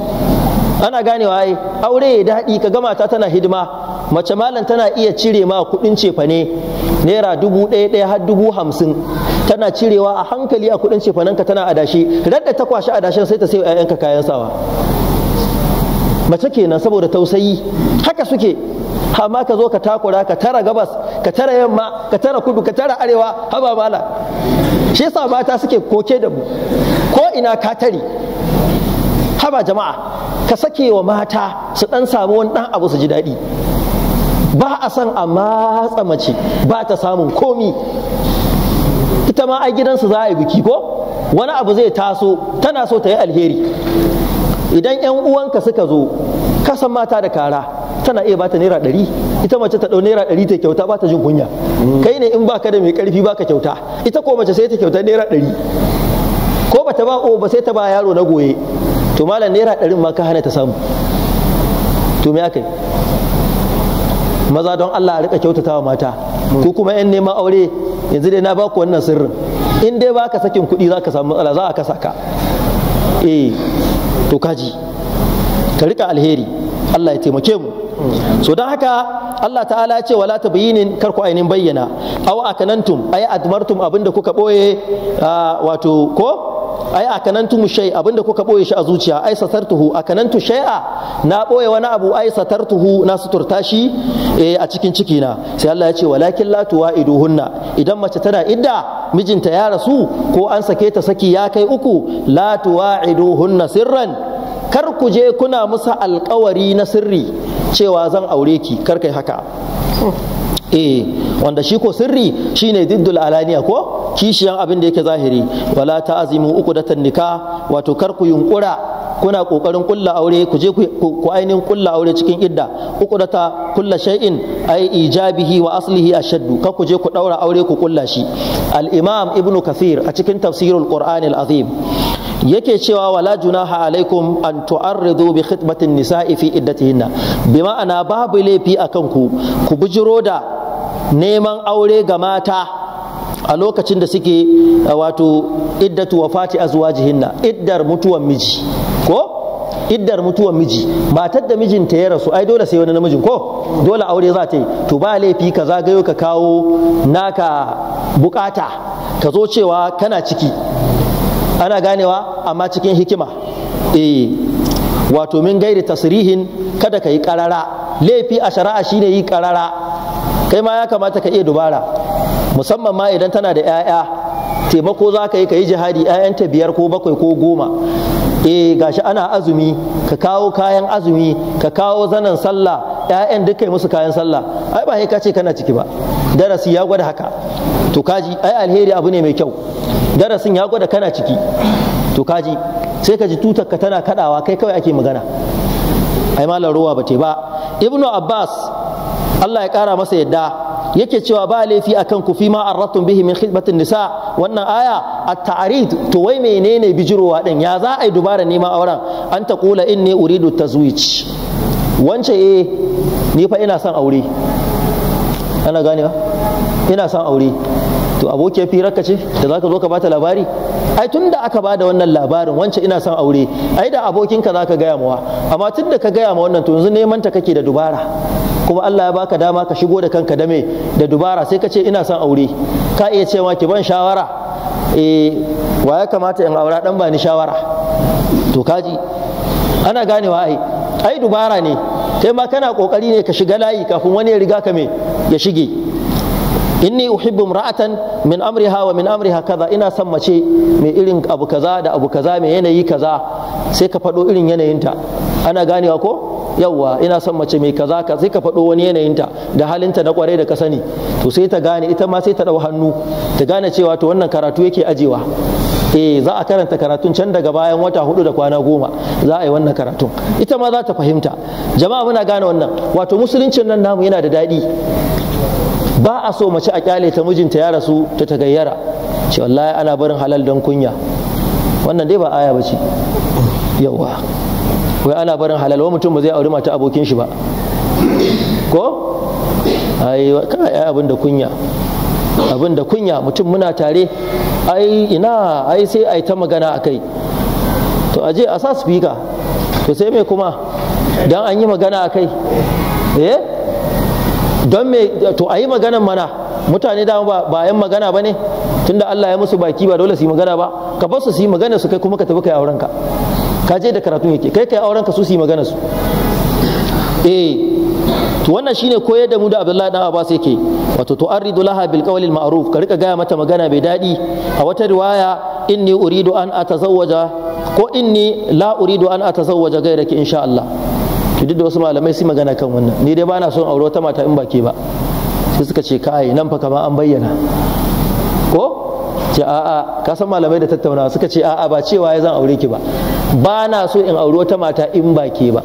ana ganewa ai aure ya daɗi ka gama ta tana hidima mace malam tana iya cire ma kuɗin cefa ne naira dubu ɗaya ɗaya har dubu hamsin tana cirewa a hankali a kuɗin ka tana adashi radda ta kwashi adashin sai ta sai 'ya'yanka kayan sawa mace kenan saboda tausayi haka suke amma ka zo ka takura ka tara gabas ka tara yamma ka tara kudu ka tara arewa haba mala shi yasa mata suke koke da mu ko ina ka tare haba jama'a ka sake wa mata su dan samu wani dan abu su ji daɗi ba a san a matsa mace ba ta samun komi ita ma ai gidansu za a yi biki ko wani abu zai taso tana so ta yi alheri idan 'yan uwanka suka zo kasan mata da kara tana iya bata naira ɗari ita mace ta ɗau naira ɗari ta kyauta ba ta jin kunya kai ne in baka da mai ƙarfi baka kyauta ita ko mace sai ta kyauta naira ɗari ko bata ba o ba sai ta ba yaro na goye to malam naira ɗarin ma ka hana ta samu to me aka yi maza don Allah a rika kyautata wa mata ku kuma yan neman aure yanzu dai na baku wannan sirrin in dai baka sakin kuɗi za ka samu matsala za a kasa ka eh to kaji ka rika alheri Allah ya taimake mu so don haka Allah ta'ala ce wala tabyinin kar ku ainihin bayyana aw akanantum ay admartum abinda kuka boye wato ko ai mu shay abinda kuka boye shi a zuciya ai satartuhu akanantu shay'a na boye wani abu ai satartuhu na suturta shi e, a cikin ciki na sai Allah ya ce walakin la tuwaiduhunna idan mace tana idda mijinta ya rasu ko an sake ta saki ya kai uku la tuwaiduhunna sirran kar ku je kuna musa alkawari na sirri cewa zan aure ki kar haka eh wanda shi ko sirri shine diddul alaniya ko kishiyan abin da yake zahiri wala uku da tannika, wato kar ku yunkura kuna kokarin kulla aure ku je ku ainihin kulla aure cikin idda uku da ta kulla shay'in ai ijabihi wa aslihi ashaddu ka ku je ku daura aure ku kulla shi al imam ibnu kathir a cikin tafsirul qur'an al azim yake cewa wala junaha alaikum an tu'arridu bi khitbatin nisa'i fi iddatihinna bi ma'ana babu laifi akan ku ku bujiro da neman aure ga mata a lokacin da suke wato iddatu wafati azwajihinna iddar mutuwan miji iddar mutuwan miji matar da mijinta ya rasu ai dole sai wani namijin ko dole aure za ta yi to ba laifi ka zagayo ka kawo naka bukata ka zo cewa kana ciki ana ganewa amma cikin hikima eh wato min gairi tasrihin kada ka yi karara laifi a shari'a shine yi karara kai ma ya kamata ka iya dubara musamman ma idan tana da 'ya'ya taimako za ka yi ka yi jihadi 'ya'yanta biyar ko bakwai ko goma eh gashi ana azumi ka kawo kayan azumi ka kawo zanen sallah ƴaƴan duka musu kayan sallah ai ba ka ce kana ciki ba darasi ya gwada haka to kaji ai alheri abu ne mai kyau darasin ya gwada kana ciki to kaji sai ka ji tutar ka tana kadawa kai kawai ake magana ai malar ruwa ba te ba ibnu abbas Allah ya kara masa yadda yake cewa ba laifi a kan kufi ma arratun bihi min khidmatin nisa wannan aya at-ta'rid to wai menene bijirowa din ya za a yi dubara neman auren an ta kula inni uridu tazwij wance eh ni fa ina son aure ana gane ba ina son aure to abokiyar firarka ce da zaka zo ka bata labari ai tun da aka bada wannan labarin wance ina son aure ai da abokinka zaka gaya mawa amma tun da ka gaya ma wannan to yanzu neman ta kake da dubara kuma Allah ya baka dama ka shigo da kanka da me da dubara sai ka ce ina son aure ka iya cewa ki ban shawara eh wa ya kamata in aura dan ba ni shawara to kaji ana ganewa ai ai dubara ne kai ma kana kokari ne ka shiga layi kafin wani ya riga ka me ya shige inni uhibbu imra'atan min amriha wa min amriha kaza ina son mace mai irin abu kaza da abu kaza mai yanayi kaza sai ka faɗo irin yanayinta ana ganewa ko yawwa ina son mace mai kaza ka sai ka faɗo wani yanayinta da halinta na kwarai da ka sani to sai ta gane ita ma sai ta ɗau hannu ta gane cewa to wannan karatu yake ajewa eh za a karanta karatun can daga bayan wata hudu da kwana goma za a yi wannan karatun ita ma za ta fahimta jama'a muna gane wannan wato musuluncin nan namu yana da daɗi ba a so mace a kyale ta mijinta ya rasu ta ta gayyara ce wallahi ana barin halal don kunya wannan dai ba aya ba ce yawa wai ana barin halal wani mutum ba zai auri mata abokin shi ba ko ai kai abin da kunya abin da kunya mutum muna tare ai ina ai sai ai ta magana akai to aje a sa speaker to sai me kuma dan an yi magana akai eh don me to a yi maganan mana mutane da ba ba yan magana ba ne tunda Allah ya musu baki ba dole su yi magana ba ka bar su su yi magana su kai kuma ka tafi kai auren ka ka je da karatun yake kai kai auren ka su su yi magana su eh to wannan shine koyar da mu da Abdullahi dan Abbas yake wato tu'arridu laha bil qawli al ma'ruf ka rika gaya mata magana mai dadi a wata riwaya inni uridu an atazawwaja ko inni la uridu an atazawwaja gairaki insha Allah to duk da wasu malamai su magana kan wannan ni dai bana son aure wata mata in ba ke ba sai suka ce kai nan fa kama an bayyana ko ce a'a ka san malamai da tattaunawa suka ce a'a ba cewa ya zan aure ki ba ba na so in auri wata mata in ba ke ba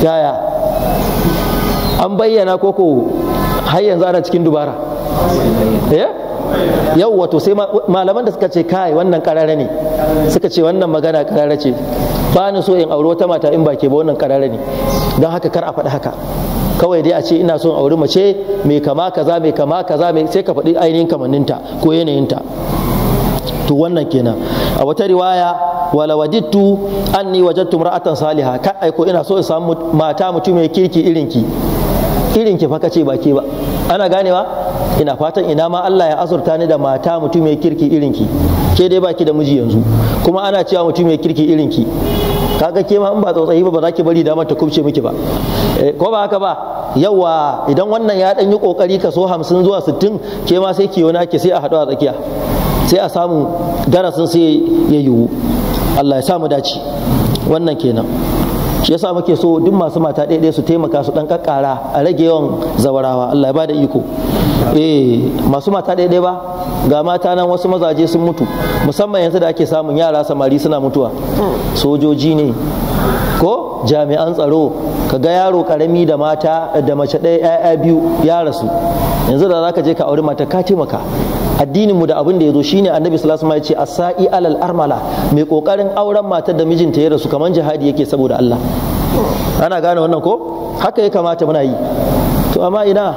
yaya an bayyana koko har yanzu ana cikin dubara eh yau wato sai malaman da suka ce kai wannan karara ne suka ce wannan magana karara ce ba ni so in auri wata mata in ba ke ba wannan karara ne don haka kar a faɗi haka kawai dai a ce ina son auri mace mai kama kaza mai kama kaza mai sai ka faɗi ainihin kamanninta ko yanayinta to wannan kenan a wata riwaya wala wajittu anni wajattu mar'atan saliha kai aiko ina so in samu mata mutum mai kirki irinki irinki fa kace ba ke ba ana ganewa ina fatan ina ma Allah ya azurta ni da mata mutum mai kirki irin ki. ke dai baki da miji yanzu kuma ana cewa mutum ya kirki irin irinki kaga ke ma in ba tsotsayi ba ba za ki bari damar ta kubce miki ba eh, ko ba haka ba yawa idan wannan ya dan yi kokari kaso 50 zuwa 60 ke ma sai ki yona ki sai a hadu a tsakiya sai a samu darasin sai ya yiwu Allah ya samu dace wannan kenan shi yasa muke so duk masu mata ɗaya su taimaka su ɗan ƙaƙƙara a rage yawan zawarawa Allah ya bada iko eh masu mata ɗaya ba ga mata nan wasu mazaje sun mutu musamman yanzu da ake samun yara samari suna mutuwa hmm. sojoji ne ko jami'an tsaro ka ga yaro karami da mata da mace ɗaya ya'ya biyu ya rasu yanzu da zaka je ka auri mata ka taimaka addinin mu da abin da ya zo shine annabi sallallahu alaihi wasallam ya ce asai alal armala mai kokarin auren matar da mijinta ya rasu kaman jihadi yake saboda Allah ana gane wannan ko haka ya kamata muna yi to amma ina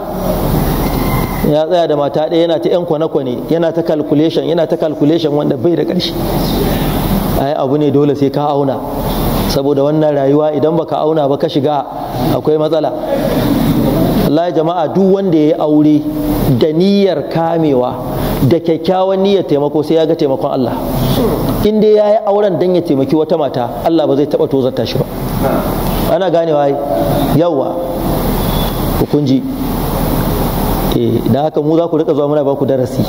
ya tsaya da mata ɗaya yana ta 'yan kwane-kwane yana ta calculation yana ta calculation wanda bai da ƙarshe ai abu ne dole sai ka auna saboda wannan rayuwa idan baka auna ba ka shiga akwai matsala Allah jama'a duk wanda ya yi aure da niyyar kamewa da kyakkyawan niyyar taimako sai ya ga taimakon Allah in dai ya yi auren dan ya taimaki wata mata Allah ba zai taɓa tozarta shi ba ana ganewa yawa hukunji eh, da haka mu za ku rika zuwa muna ba ku darasi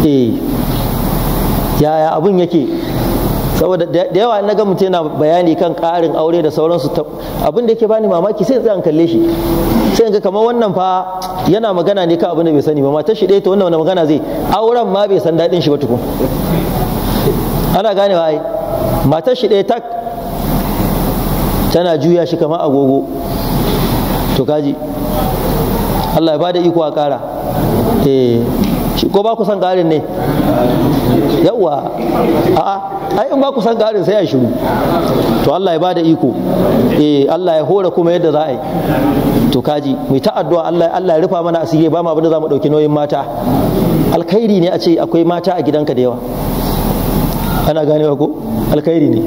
eh yaya abun yake saboda da yawa na ga mutum yana bayani kan ƙarin aure da sauransu abin da yake bani mamaki sai zan kalle shi sai in ga kamar wannan fa yana magana ne kan abin da bai sani ba matar shi ɗaya ta wannan magana zai auren ma bai san daɗin shi ba tukun ana gane ai matar shi ɗaya tak tana juya shi kamar agogo to kaji Allah ya bada iko a ƙara eh ko ba ku san garin ne yawa a ai in ba ku san garin sai a shiru to Allah ya bada iko eh Allah ya hore kuma yadda za a yi to kaji mu ta addu'a Allah Allah ya rufa mana asiri ba mu abin da za mu dauki nauyin mata alkhairi ne a ce akwai mata a gidanka da yawa ana ganewa ko alkhairi ne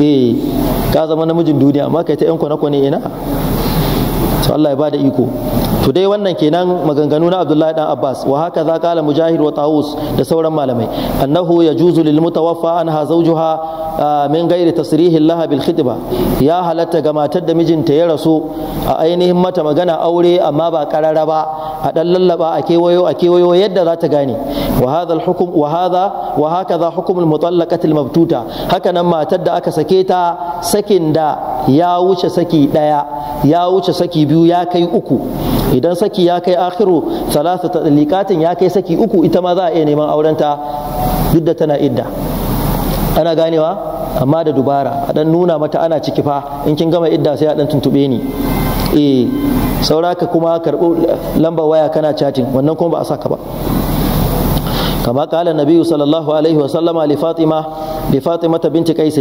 eh ka zama namijin duniya amma kai ta yan kwana-kwana ina to Allah ya bada iko to dai wannan kenan maganganu na Abdullahi dan Abbas wa haka za kala Mujahid wa Tawus da sauran malamai annahu yajuzu lil mutawaffa anha zawjuha ah, min ghairi tasrihin laha bil khitba ya halatta ga matar da mijinta ya rasu a ainihin mata magana aure amma ba karara ba a dan lallaba a kewayo a kewayo yadda za ta gane wa hadha al hukum wa hadha wa hakaza hukum mabtuta haka nan matar da aka sake ta sakin da ya wuce saki daya ya wuce saki biyu ya kai uku idan saki ya kai akhiru salasa talikatin ya kai saki uku ita ma za a iya neman aurenta duk da tana idda ana ganewa amma da dubara a dan nuna mata ana ciki fa in kin gama idda sai a dan tuntube ni eh saura ka kuma karɓo lambar waya kana chatting wannan kuma ba a saka ba kama kala nabiyu sallallahu alaihi wasallama li fatima li fatima binti qais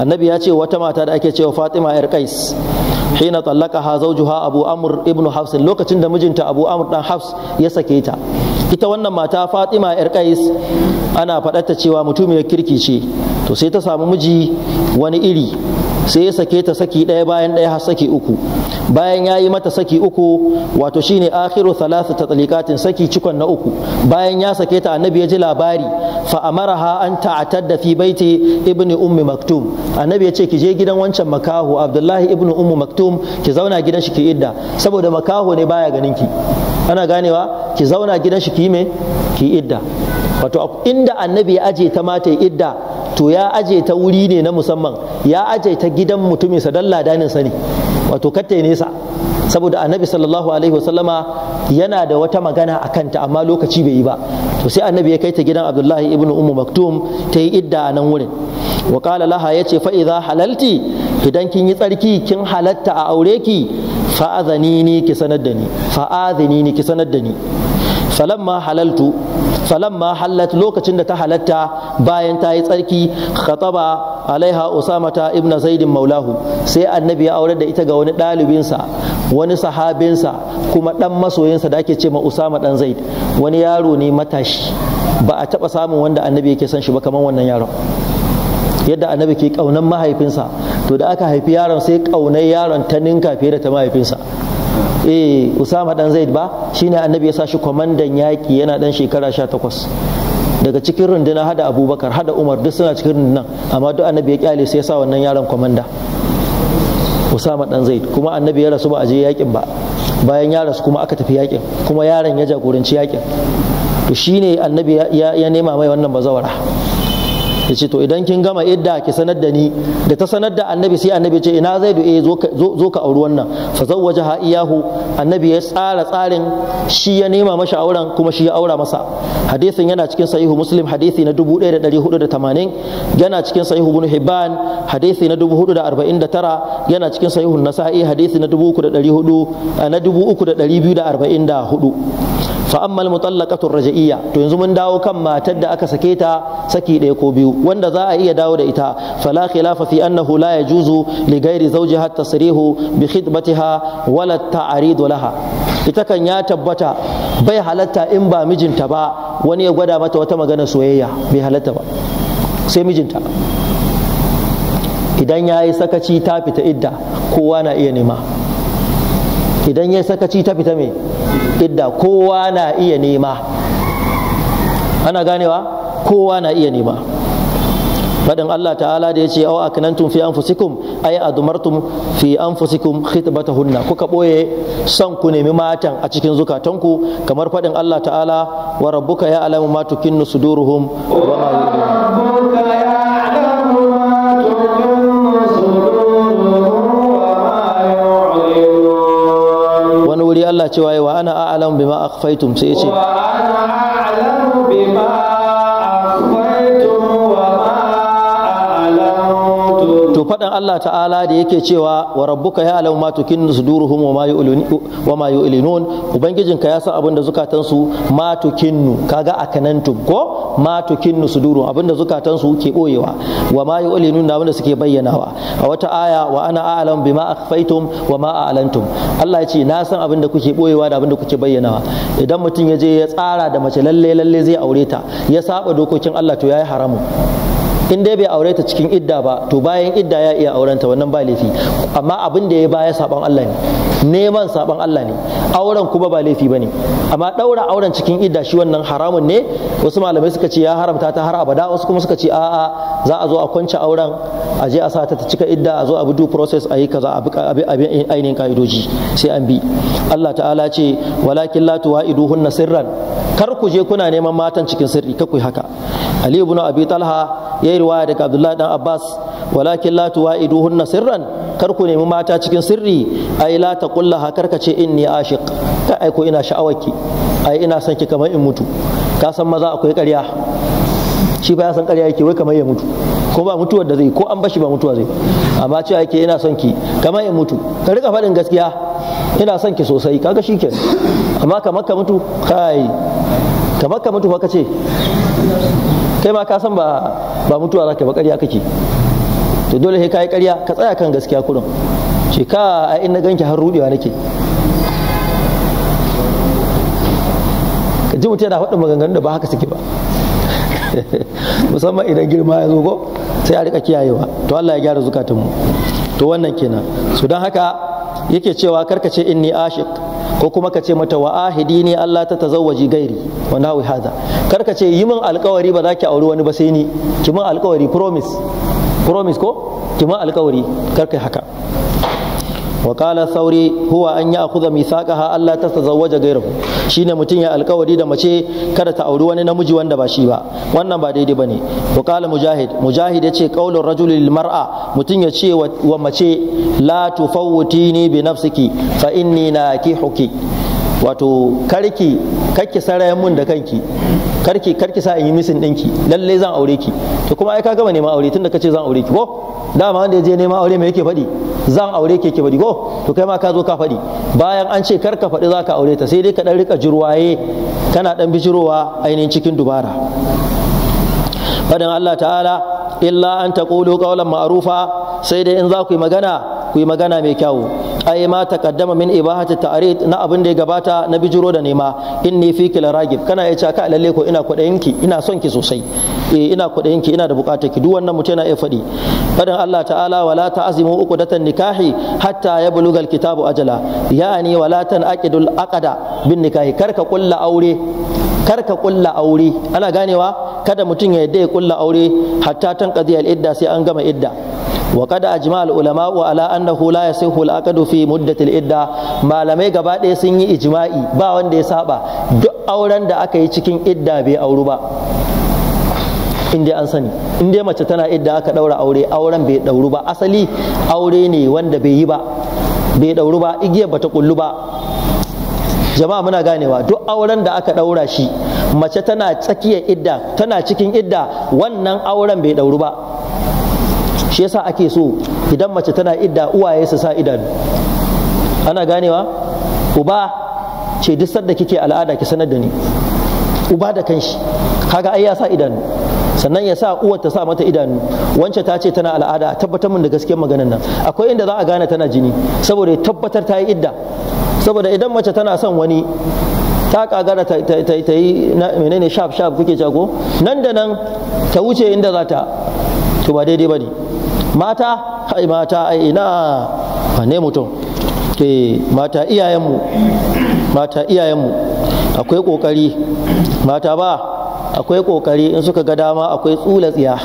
annabi ya ce wata mata da ake cewa fatima yar qais hina tallaqaha abu amr ibnu hafs lokacin da mijinta abu amr dan hafs ya sake ta ita wannan mata fatima yar qais ana faɗarta cewa ya kirki ce to ta samu miji wani iri sai ya sake ta saki ɗaya bayan ɗaya har saki uku bayan ya yi mata saki uku wato shine akhiru thalathu tatliqatin saki cikon na uku bayan ya sake ta annabi ya ji labari fa amaraha an ta'tadda fi baiti Ibn ummi maktum annabi ya ce ki je gidan wancan makaho abdullahi Ibn Ummi maktum ki zauna gidan shi ki idda saboda makaho ne baya ganin ki ana ganewa ki zauna gidan shi ki me ki idda wato inda annabi ya aje ta mata idda to ya aje ta wuri ne na musamman ya aje ta gidan mutumin sa dan ladanin sa ne wato katta nesa saboda annabi sallallahu alaihi wasallama yana da wata magana a kanta amma lokaci bai yi ba to sai annabi ya kai ta gidan abdullahi ibn ummu maktum ta yi idda a nan wurin wa qala laha yace fa idza halalti idan kin yi tsarki kin halatta a aure ki fa azanini ki sanar da ni fa azanini ki sanar da ni falamma halaltu falamma halat lokacin da ta halatta bayan ta yi tsarki khataba alaiha usamata ibn zaidin maulahu sai annabi ya aure da ita ga wani ɗalibinsa wani sahabinsa kuma ɗan masoyansa da ake ce ma usama ɗan zaid wani yaro ne matashi ba a taɓa samun wanda annabi yake son shi ba kamar wannan yaron yadda annabi ke kaunan mahaifinsa to da aka haifi yaron sai kaunar yaron ta ninka fiye da ta mahaifinsa eh usama dan zaid ba shine annabi ya sa shi kwamandan yaƙi yana dan shekara 18 daga cikin runduna hada abubakar hada umar duk suna cikin rundunan amma duk annabi ya kyale sai ya sa wannan yaron kwamanda usama dan zaid kuma annabi ya rasu ba a je yaƙin ba bayan ya rasu kuma aka tafi yakin kuma yaron ya jagoranci yakin to shine annabi ya nema mai wannan bazawara ya ce to idan kin gama idda ki sanar da ni da ta sanar da annabi sai annabi ce ina zai do eh zo ka auri wannan fa zawwajaha iyahu annabi ya tsara tsarin shi ya nema masa auren kuma shi ya aura masa hadisin yana cikin sahihu muslim hadisi na 1480 yana cikin sahihu ibn hibban hadisi na 449 yana cikin sahihu nasa'i hadisi na 3400 eh, na 3244 fa ammal mutallaqatu raj'iyya to yanzu mun dawo kan matar da aka sake ta saki ɗaya ko biyu wanda za a iya dawo da ita fala khilafa fi annahu la yajuzu li ghairi zawjiha tasrihu bi khidmatiha wala ta'rid laha ita kan ya tabbata bai halatta in ba mijinta ba wani ya gwada mata wata magana soyayya bai halatta ba sai mijinta idan ya yi sakaci ta fita idda kowa na iya nema idan ya yi sakaci ta fita me idda kowa na iya nema ana ganewa kowa na iya nema fadin Allah ta'ala da ya ce aw aknantum fi anfusikum ay adumartum fi anfusikum khitbatahunna kuka boye son ku nemi matan a cikin zukatanku kamar fadin Allah ta'ala wa rabbuka ya alamu ma tukinnu suduruhum wa ma shi Allah cewa wa ana a'lamu bima akhfaytum sai ya ce wa ana a'lamu bima faɗin Allah ta'ala da yake cewa wa rabbuka ya alamu matu kinnu su duru suduruhum wa ma yu'linun ubangijinka ya san abin da zukatansu matu kinnu kaga a akanantum ko ma tukinnu suduruhum abin da zukatansu ke ɓoyewa wa ma yu'linun na wanda suke bayyanawa a wata aya wa ana a'lam bima akhfaytum wa ma a'lantum Allah ya ce na san abin da kuke ɓoyewa da abin da kuke bayyanawa idan mutum ya je ya tsara da mace lalle lalle zai aure ta ya saba dokokin Allah to yayi haramu in dai bai aure ta cikin idda ba to bayan idda ya iya aurenta wannan ba laifi amma abin da ya baya saban Allah ne neman saban Allah ne auren kuma ba laifi bane amma daura auren cikin idda shi wannan haramun ne wasu malamai suka ce ya haramta ta har abada wasu kuma suka ce a za a zo a kwance auren a je a sa ta cika idda a zo a bi due process a yi kaza a bi ainihin ka'idoji sai an bi Allah ta'ala ce walakin la tuwa'iduhunna sirran kar ku je kuna neman matan cikin sirri kar ku haka Ali ibn Abi Talha yayi riwaya daga Abdullahi dan Abbas walakin la tuwaiduhunna sirran kar ku nemi mata cikin sirri ai la taqullaha kar ka ce inni ashiq ka ai ko ina sha'awaki ai ina son ki kamar in mutu ka san maza akwai ƙarya shi ba ya san ƙarya yake wai kamar ya mutu ko ba mutuwar da zai ko an bashi ba mutuwa zai amma cewa yake ina son ki kamar in mutu ka rika faɗin gaskiya ina son ki sosai kaga shi ke. amma kamar ka mutu kai kamar ka mutu fa ka ce kai ma ka san ba ba mutuwa zaka ba ƙarya kake to dole sai kai ƙarya ka tsaya kan gaskiya kurin ce ka a ina ganki har rudewa nake ka ji mutum yana faɗin maganganun da ba haka suke ba *laughs* musamman idan girma ya zo ko sai a rika kiyayewa to Allah ya gyara zukatunmu, to wannan kenan su don haka yake cewa karkace inni ashik ko kuma ka ce mata wa ahidi ne Allah ta tazawwaji gairi wa nawi hada kar ka ce yi min alkawari ba za ki auri wani ba sai ni ki min alkawari promise ko ki min alkawari kar kai haka sauri, وقال الثوري هو أن يأخذ ميثاقها ألا تتزوج غيره شين متين يا alkawari da mace kada ta auri wani namiji wanda ba shi ba wannan ba daidai bane wa qala mujahid mujahid ya ce rajul lil mar'a mutum ya ce wa mace la tufawwitini bi nafsiki fa inni nakihuki wato karki karki sarayen mun da kanki karki karki sa in yi misin dinki lalle zan aure ki to kuma ai ka gama neman aure tunda kace zan aure ki ko dama wanda ya je neman aure me yake faɗi zan aure ke ki faɗi ko to kai ma ka zo ka faɗi bayan an ce kar ka faɗi za ka aure ta sai dai ka ɗan rika jirwaye kana ɗan bijirowa ainihin cikin dubara faɗin Allah ta'ala illa an taqulu qawlan ma'rufa sai dai in za ku yi magana ku yi magana mai kyau ai ma taqaddama min ibahati ta'rid na abin da ya gabata na bijiro da nema inni fi kila ragib kana ya ce ka lalle ko ina kudayen ki ina son ki sosai eh ina kudayen ki ina da bukatar ki duk wannan mutum yana iya faɗi fadan Allah ta'ala wala ta'zimu uqdatan nikahi hatta yabluga al-kitabu ajala yani wala tan aqidul aqada bin nikahi karka kulla aure karka kulla aure ana ganewa kada mutum ya yadda ya kulla aure hatta tan qadiyal idda sai an gama idda وقد أجمع العلماء على انه لا يصح العقد في مده العده malamai gaba ɗaya sun yi ijma'i ba wanda ya saba duk auren da aka yi cikin idda bai auru ba inda an sani inda mace tana idda aka ɗaura aure auren bai ɗauru ba asali aure ne wanda bai yi ba bai ɗauru ba igiyar bata kullu ba jama'a muna ganewa duk auren da aka ɗaura shi mace tana tsakiyar idda tana cikin idda wannan auren bai ɗauru ba shi yasa ake so idan mace tana idda uwaye su sa idanu ana ganewa uba ce duk sadda kike al'ada ki sanar da ni uba da kanshi kaga ai ya sa idanu sannan ya sa uwar ta sa mata idanu Wancan ta ce tana al'ada tabbatar mun da gaskiyar maganar nan akwai inda za a gane tana jini saboda ya tabbatar ta yi idda saboda idan mace tana son wani ta kagara ta yi menene shaf shaf kuke jago nan da nan ta wuce inda za ta to ba daidai ba ne mata ai mata ai ina wane mutum ke mata iyayenmu mata iyayenmu akwai kokari mata ba akwai kokari in suka ga dama akwai tsula tsiya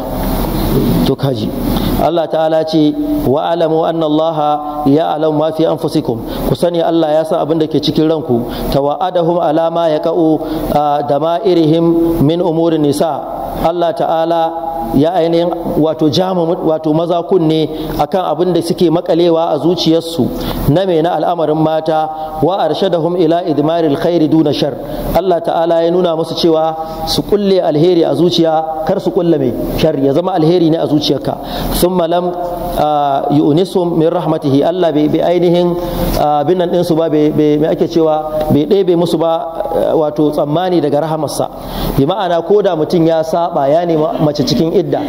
to kaji Allah ta'ala ce wa alamu anna Allah ya alamu ma fi anfusikum ku sani Allah ya san abin da ke cikin ranku tawaadahum alama ma yaqau da ma irihim min umurin nisa Allah ta'ala ya ainihin wato jama wato maza kunne akan abin da suke makalewa a zuciyarsu na me na al'amarin mata wa arshadahum ila idmaril khairi duna shar Allah ta'ala ya nuna musu cewa su kulle alheri a zuciya kar su kulle mai shar ya zama alheri ne a zuciyarka summa lam ah, yu'nisum min rahmatihi Allah bai ainihin ah, binan din su ba bai ake cewa bai ɗebe musu ba ah, wato tsammani daga rahamarsa bi ma'ana da mutum ya saba ya ne mace cikin idda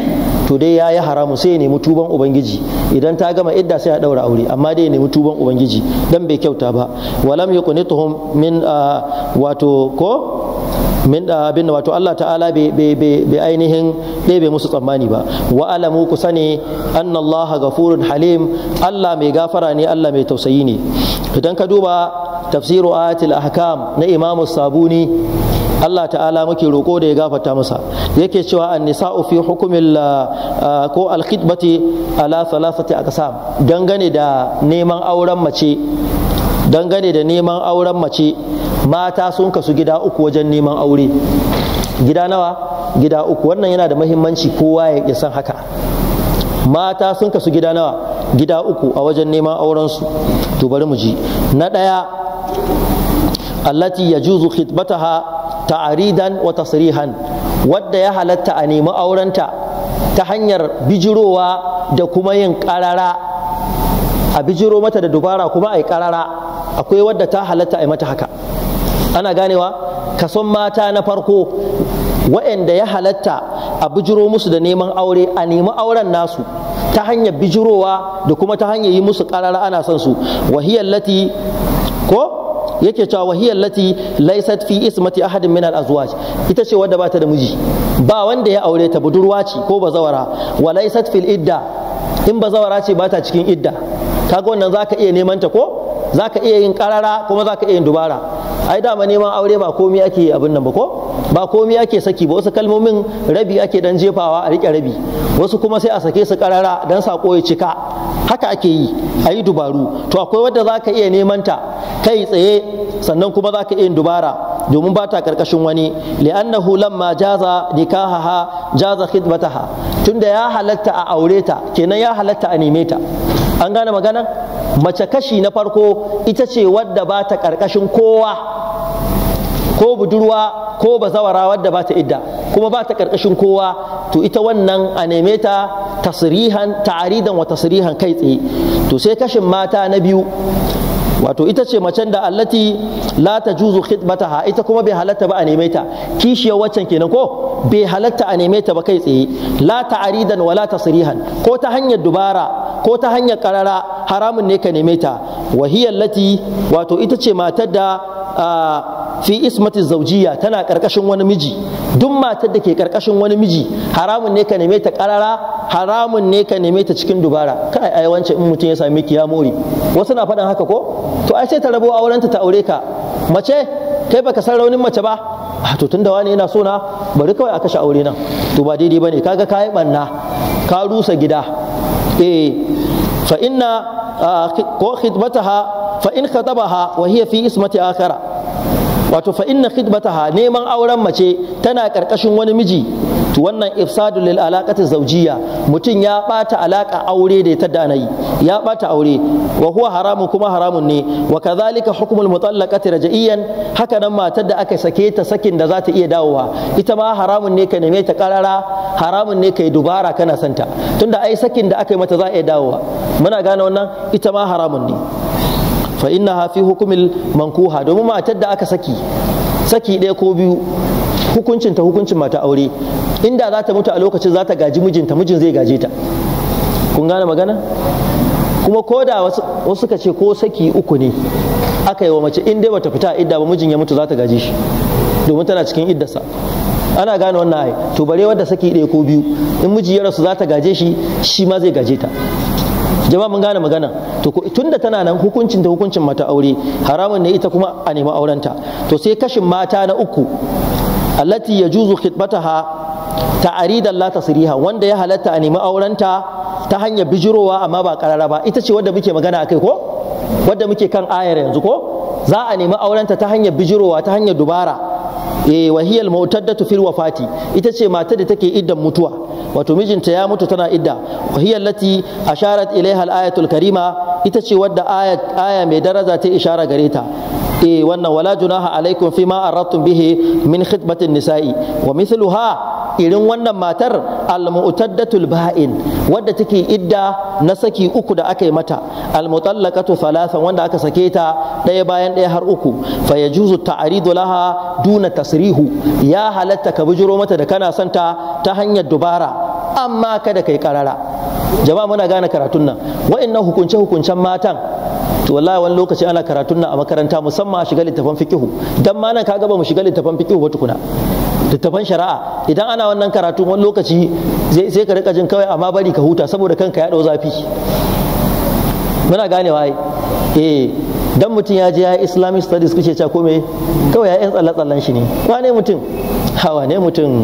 to dai ya yi haramu sai ya nemi tuban ubangiji idan ta gama idda sai ya daura aure amma dai ya nemi tuban ubangiji dan bai kyauta ba walam yuqnituhum min ah, wato ko min ah, abin wato Allah ta'ala bai ainihin ɗebe musu tsammani ba wa alamu ku sani anna Allah gafurun halim Allah mai gafara ne Allah mai tausayi ne idan ka duba tafsiru ayatul ahkam na imamu sabuni Allah ta'ala muke roƙo da ya gafarta masa yake cewa an-nisa'u fi hukumin ah, ko al-khitbati ala thalathati aqsam dangane da neman auren mace dangane da neman auren mace mata sun kasu gida uku wajen neman aure gida nawa gida uku wannan yana da mahimmanci kowa ya san haka mata sun kasu gida nawa gida uku a wajen neman aurensu to bari mu ji na ɗaya allati yajuzu khitbataha ta'aridan wa tasrihan wadda ya halatta a nemi aurenta ta hanyar bijirowa da kuma yin karara a bijiro mata da dubara kuma a yi karara akwai wadda ta halatta a mata haka ana ganewa kason mata na farko waɗanda ya halatta a bijiro musu da neman aure a nemi auren nasu ta hanyar bijirowa da kuma ta hanyar yi musu karara ana son su wahiyallati ko yake cewa wahiyar lati laisat fi ismati ahadin min al-azwaj ita ce wadda bata da miji ba wanda ya aure ta budurwa ce ko bazawara wa laisat fil idda in bazawara ce bata cikin idda kaga wannan zaka iya neman ta ko zaka iya yin karara kuma zaka iya yin dubara ai dama neman aure ba komai ake abin nan ba ko ba komai ake saki ba wasu kalmomin rabi ake dan jefawa a rike rabi wasu kuma sai a sake su karara dan sako ya cika haka ake yi a yi dubaru to akwai wadda za ka iya neman ta kai tsaye sannan kuma za ka iya dubara domin ba ta karkashin wani li'annahu lamma jaza nikahaha jaza khidmataha tunda ya halatta a aure ta kenan ya halatta a neme ta an gane magana mace kashi na farko ita ce wadda ba ta karkashin kowa ko budurwa ko bazawara wadda ba ta idda kuma ba ta karkashin kowa to ita wannan a neme ta tasrihan ta'aridan wa tasrihan kai tsaye to sai kashin mata na biyu wato ita ce macen da allati la ta juzu khidmataha ita kuma bai halatta ba a neme ta kishiya waccan kenan ko bai halatta a neme ta ba kai tsaye la ta'aridan wala tasrihan ko ta hanyar dubara ko ta hanyar karara haramun ne ka neme ta wa hiya wato ita ce matar da fi ismatu zaujiya tana karkashin wani miji duk matar da ke karkashin wani miji haramun ne ka neme ta karara haramun ne ka neme ta cikin dubara kai ai wance in mutum ya sami ki ya wasu na faɗin haka ko to ai sai ta rabo aurenta ta aure ka mace kai baka san raunin mace ba a ah, to tunda wani yana so na bari kawai a kashe aure nan to ba daidai bane kaga kayi banna ka rusa gida eh fa inna ko khidmataha fa in khatabaha wa fi wato fa inna khidmataha neman auren mace tana karkashin wani miji to wannan ifsadu lil alaqati zawjiyya mutum ya bata alaka aure da ta danayi ya bata aure wa huwa haramun kuma haramun ne wa kadhalika hukmul mutallaqati raj'iyan haka nan matar da aka sake ta sakin da za ta iya dawowa ita ma haramun ne ka neme ta karara haramun ne kai dubara kana santa tunda ai sakin da aka yi mata za a iya dawowa muna gane wannan ita ma haramun ne fa inna fi hukumil mankuha domin matar da aka saki saki ɗaya ko biyu hukuncin ta hukuncin mata aure inda za ta mutu a lokacin za ta gaji mijinta mijin zai gaje ta kun gane magana kuma ko da wasu ka ce ko saki uku ne aka yi wa mace in dai bata fita idda ba mijin ya mutu za ta gaji shi domin tana cikin iddarsa ana gane wannan ai to bare wadda saki ɗaya ko biyu in miji ya rasu za ta gaje shi shi ma zai gaje ta jama'a mun gane magana to tunda tana nan hukuncin ta hukuncin mata aure haramun ne ita kuma a nemi aurenta to sai kashin mata na uku allati yajuzu khitbataha ta'aridan la tasriha wanda ya halatta a nemi aurenta ta hanyar bijirowa amma ba karara ba ita ce wadda muke magana akai ko wadda muke kan ayar yanzu ko za a nemi aurenta ta hanyar bijirowa ta hanyar dubara eh wahiyar hiya al fil wafati ita ce mata da take iddan mutuwa wato mijinta ya mutu tana idda Wahiyar Lati asharat ilaiha al-ayatul karima ita ce wadda aya mai daraja ta ishara gare ta E wannan wala junaha alaikum fima aradtum bihi min khidmatin nisa'i wa mithluha irin wannan matar almu'taddatul ba'in wadda take idda na saki uku da aka yi mata almutallaqatu thalathan wanda aka sake ta ɗaya bayan ɗaya har uku fa yajuzu ta'ridu laha duna tasrihu ya halatta ka bujiro mata da kana santa ta hanyar dubara amma kada kai karara jama'a muna gane karatun nan wa'annan hukunce hukuncen matan to wallahi wani lokaci ana karatun nan a makaranta musamman a shiga littafan fikihu dan ma nan kaga ba mu shiga littafan fikihu ba tukuna littafan shari'a idan ana wannan karatu wani lokaci sai ka rika jin kawai amma bari ka huta saboda kanka ya dau zafi muna ganewa ai eh dan mutum ya je ya yi islamic studies kuke cewa ko me kawai ya yan tsalle tsallen shi ne wane mutum hawa ne mutum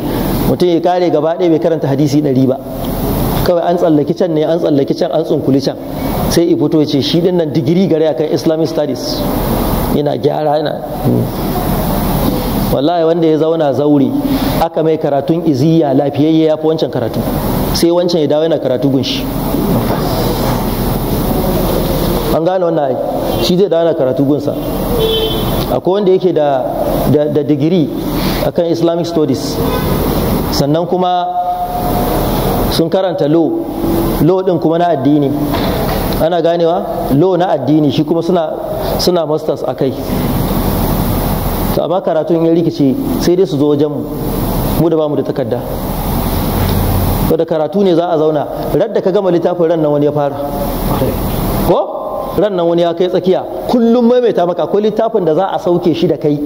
mutum ya kare gaba ɗaya bai karanta hadisi ɗari ba kawai an tsallaki can ne an tsallaki can an tsunkuli can sai i fito ce shi dinnan digiri gare akan islamic studies yana gyara yana hmm. wallahi wanda ya zauna zauri aka mai karatun iziya lafiyayye ya fi wancan karatu sai wancan ya dawo yana karatu gunshi an gane wannan ai shi zai dawo yana karatu gunsa akwai wanda yake da da digiri akan islamic studies sannan kuma sun karanta law law din kuma na addini ana ganewa lo na addini shi kuma suna suna masters a kai to amma karatun ya rikice sai dai su zo wajen mu da bamu da takarda to da karatu ne za a zauna radda ka gama littafin ran nan wani ya fara ko ran nan wani ya kai tsakiya kullum maimaita maka akwai littafin da za a sauke shi da kai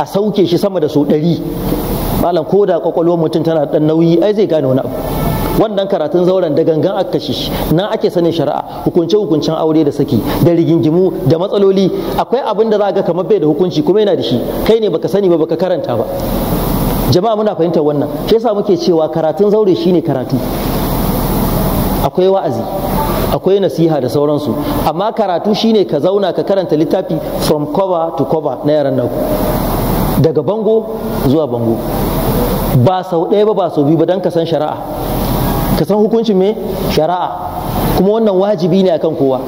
a sauke shi sama da su ɗari malam ko da kwakwalwar mutum tana dan nauyi ai zai gane wani abu wannan karatun zauren da gangan aka shi nan ake sanin shari'a hukunce hukuncen aure da saki da rigingimu da matsaloli akwai abin da za ga kamar bai da hukunci kuma yana da shi kai ne baka sani ba baka karanta ba jama'a muna fahimtar wannan shi yasa muke cewa karatun zaure shine karatu akwai wa'azi akwai nasiha da sauransu amma karatu shine ka zauna ka karanta littafi from cover to cover na yaran naku daga bango zuwa bango ba sau ɗaya ba ba sau biyu ba don ka san shari'a ka san hukuncin me shari'a kuma wannan wajibi ne akan kowa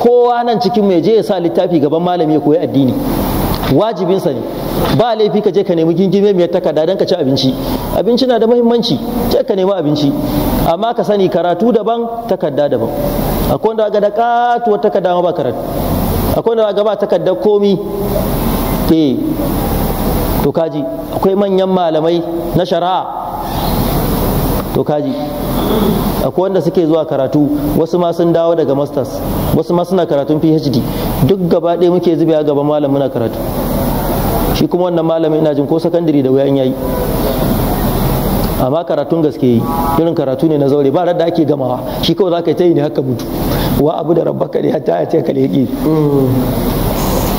kowa nan cikin mai je ya sa littafi gaban malami ya koyi addini wajibinsa ne ba laifi ka je ka nemi gingime mai takarda don ka ci abinci abinci na da muhimmanci je ka nemi abinci amma ka sani karatu daban takarda daban akwai wanda ga da katuwar takarda ba karatu akwai wanda ga ba takarda komi eh to kaji akwai manyan malamai na shari'a to kaji akwai wanda suke zuwa karatu wasu ma sun dawo daga masters wasu ma suna karatun phd duk gaba ɗaya muke zubewa gaban malam muna karatu shi kuma wannan malamin ina jin ko sakandare da wuyan yayi amma karatun gaske yi irin karatu ne na zaure ba da ake gamawa shi kawai za ka yi ta yi ne haka mutu wa abu da rabbaka ne hatta ya ce ka leƙi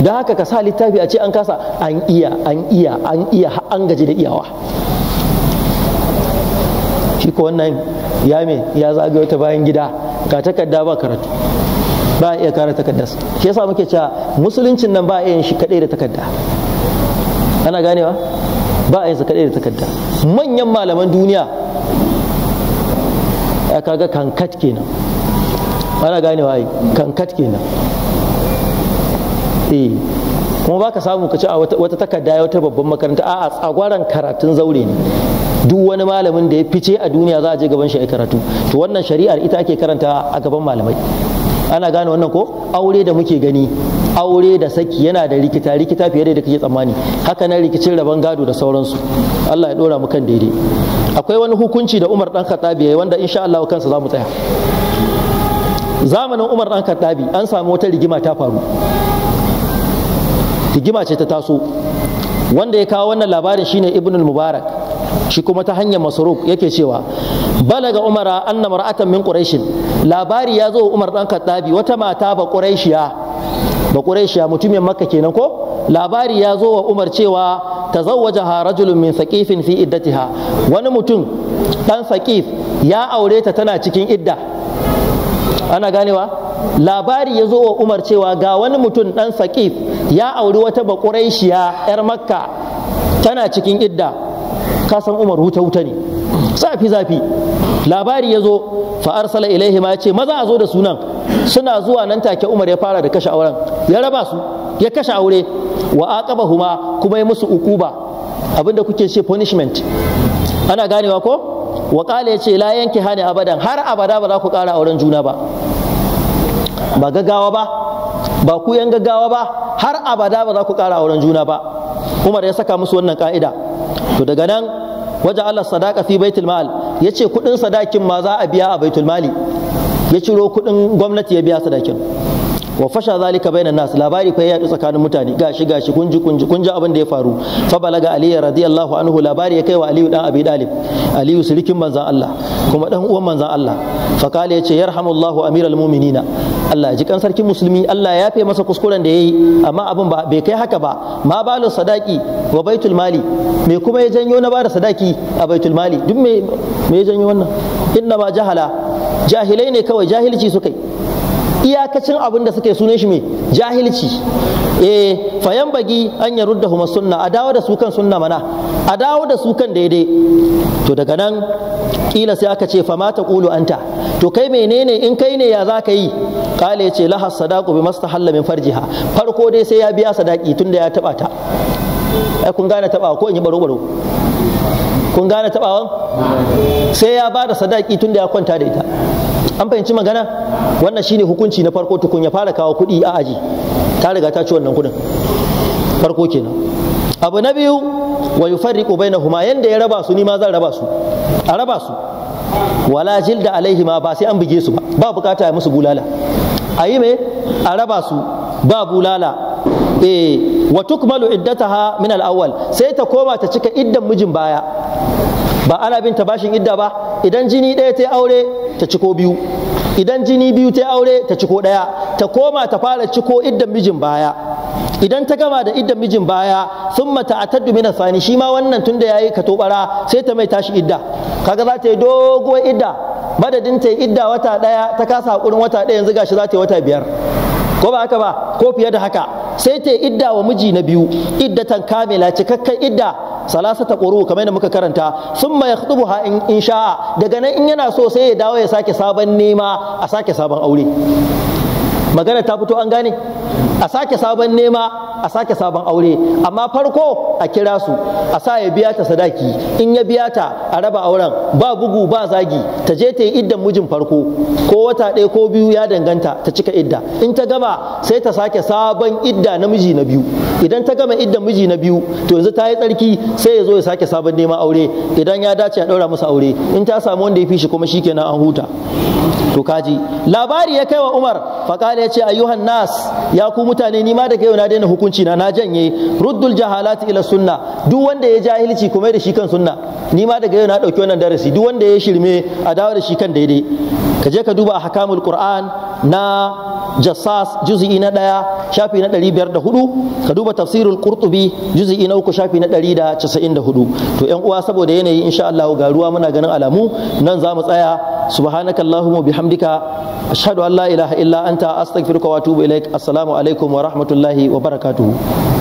da haka ka sa littafi a ce an kasa an iya an iya an iya an gaji da iyawa shi ko wannan ya me ya zagayo wata bayan gida ga takarda ba karatu ba iya kare takardar shi yasa muke cewa musuluncin nan ba iya shi kadai da takarda ana ganewa ba a yin sa kadai da takarda manyan malaman duniya ya kaga kankat kenan ana ganewa ai kankat kenan eh kuma baka samu ka ci a wata takarda ya wata babban makaranta a a tsagwaran karatun zaure ne duk wani malamin da ya fice a duniya za a je gaban shi a karatu to wannan shari'ar ita ake karanta a gaban malamai ana gane wannan ko aure da muke gani aure da saki yana da rikita rikita fiye da yadda kake tsammani haka nan rikicin rabon gado da sauransu Allah ya dora mu kan daidai akwai wani hukunci da Umar dan Khattabi yayi wanda insha Allah kansa zamu tsaya zamanin Umar dan Khattabi an samu wata rigima ta faru rigima ce ta taso wanda ya kawo wannan labarin shine Ibnul mubarak shi kuma ta hanyar masruq yake cewa balaga umara anna mar'atan min quraish labari ya zo umar dan kaddabi wata mata ba quraishiya ba quraishiya mutumin makka kenan ko labari ya zo wa umar cewa tazawwajaha rajulun min saqifin fi iddatiha wani mutum dan saqif ya aure ta tana cikin idda ana ganewa labari ya zo wa umar cewa ga wani mutum dan saqif ya auri wata baƙuraishiya 'yar makka tana cikin idda ka san Umar wuta wuta ne zafi zafi labari ya zo fa arsala ilaihi ma yace maza a zo da sunan suna zuwa nan take Umar ya fara da kashe auren ya raba su ya kashe aure wa aqabahuma kuma ya musu ukuba abinda kuke ce punishment ana ganewa ko wa ya ce la yanki hani abadan har abada ba za ku kara auren juna ba ba gaggawa ba ba ku yan gaggawa ba har abada ba za ku kara auren juna ba Umar ya saka musu wannan ka'ida to daga nan waje ala sadaka fi baitul mal yace kudin sadakin ma za a biya a baitul mali ya ciro kudin gwamnati ya biya sadakin wa fasha zalika bainan nas labari fa ya tsakanin mutane gashi gashi ji kun ji abin da ya faru fa balaga ali radiyallahu anhu labari ya kai wa aliyu dan abi dalib aliyu sirikin manzan Allah kuma dan uwan manzan Allah fa kale yace yarhamullahu amiral mu'minina Allah ji kan sarkin musulmi Allah ya fe masa kuskuren da yayi amma abin ba bai kai haka ba ma balu sadaki wa baitul mali me kuma ya janyo na bada sadaki a baitul mali duk me me ya janyo wannan inna ma jahala jahilai ne kawai jahilci su kai. iyakacin abin da suke sunan shi mai jahilci eh fayan bagi an ya rudda huma sunna a dawo da su kan sunna mana a dawo da su kan daidai to daga nan kila sai aka ce fama ta kulu anta to kai menene in kai ne ya za ka yi kala ya ce lahas sadaku bi mastahalla min farjiha farko dai sai ya biya sadaki tunda ya taba ta ai kun gane taba ko in yi baro baro kun gane tabawan sai ya ba da sadaki tunda ya kwanta da ita an fahimci magana wannan shine hukunci na farko tukun ya fara kawo kuɗi a aji ta riga ta ci wannan kuɗin farko kenan abu na biyu wa yufarriqu bainahuma yanda ya raba su ni ma zan raba su a raba su wala jilda alaihima ba sai an buge su ba ba bukata ya musu bulala a yi me a raba su ba bulala eh wa tukmalu iddataha min al sai ta koma ta cika iddan mijin baya ba ana bin ta bashin idda ba idan jini ɗaya ta aure ta ciko biyu idan jini biyu ta aure ta ciko ɗaya ta koma ta fara ciko idan mijin baya idan ta gama da iddan mijin baya sun mata a taddu mina sani shi ma wannan tun da ya yi bara sai ta mai tashi idda kaga za ta yi doguwar idda madadin ta yi idda wata ɗaya ta kasa haƙurin wata ɗaya yanzu gashi za ta yi wata biyar ko ba haka ba ko fiye da haka sai ta idda wa miji na biyu iddatan kamila cikakken idda salasa ta quru kamar yadda muka karanta summa yakhdubuha in sha'a daga nan in yana so sai ya dawo ya sake sabon nema a sake sabon aure magana ta fito an gane a sake sabon nema a sake sabon aure amma farko a kira su a sa ya biya ta sadaki in ya biya ta a raba auren ba bugu ba zagi ta je ta yi iddan mijin farko ko wata ɗaya ko biyu ya danganta ta cika idda in ta gama sai ta sake sabon idda na miji na biyu idan ta gama iddan miji na biyu to yanzu ta yi tsarki sai ya zo ya sake sabon neman aure idan ya dace a ɗaura masa aure in ta samu wanda ya fi shi kuma shikenan an huta to kaji labari ya kai wa Umar faqala yace ayyuhan nas ya ku mutane ni ma daga yau na daina hukunci na na janye ruddul jahalati ila sunna duk wanda ya jahilci kuma da shi kan sunna ni ma daga yau na dauki wannan darasi duk wanda ya shirme a dawo da shi kan daidai ka je ka duba ahkamul qur'an na jassas juz'i na ɗaya shafi na ɗari biyar da hudu ka duba tafsirin qurtubi juz'i na uku shafi na ɗari da casa'in da hudu to yan uwa saboda yanayi insha Allah ga ruwa muna ganin alamu nan za mu tsaya subhanaka allahumma bihamdika ashhadu an la ilaha illa anta astaghfiruka wa atubu ilaik assalamu alaikum wa rahmatullahi wa barakatuhu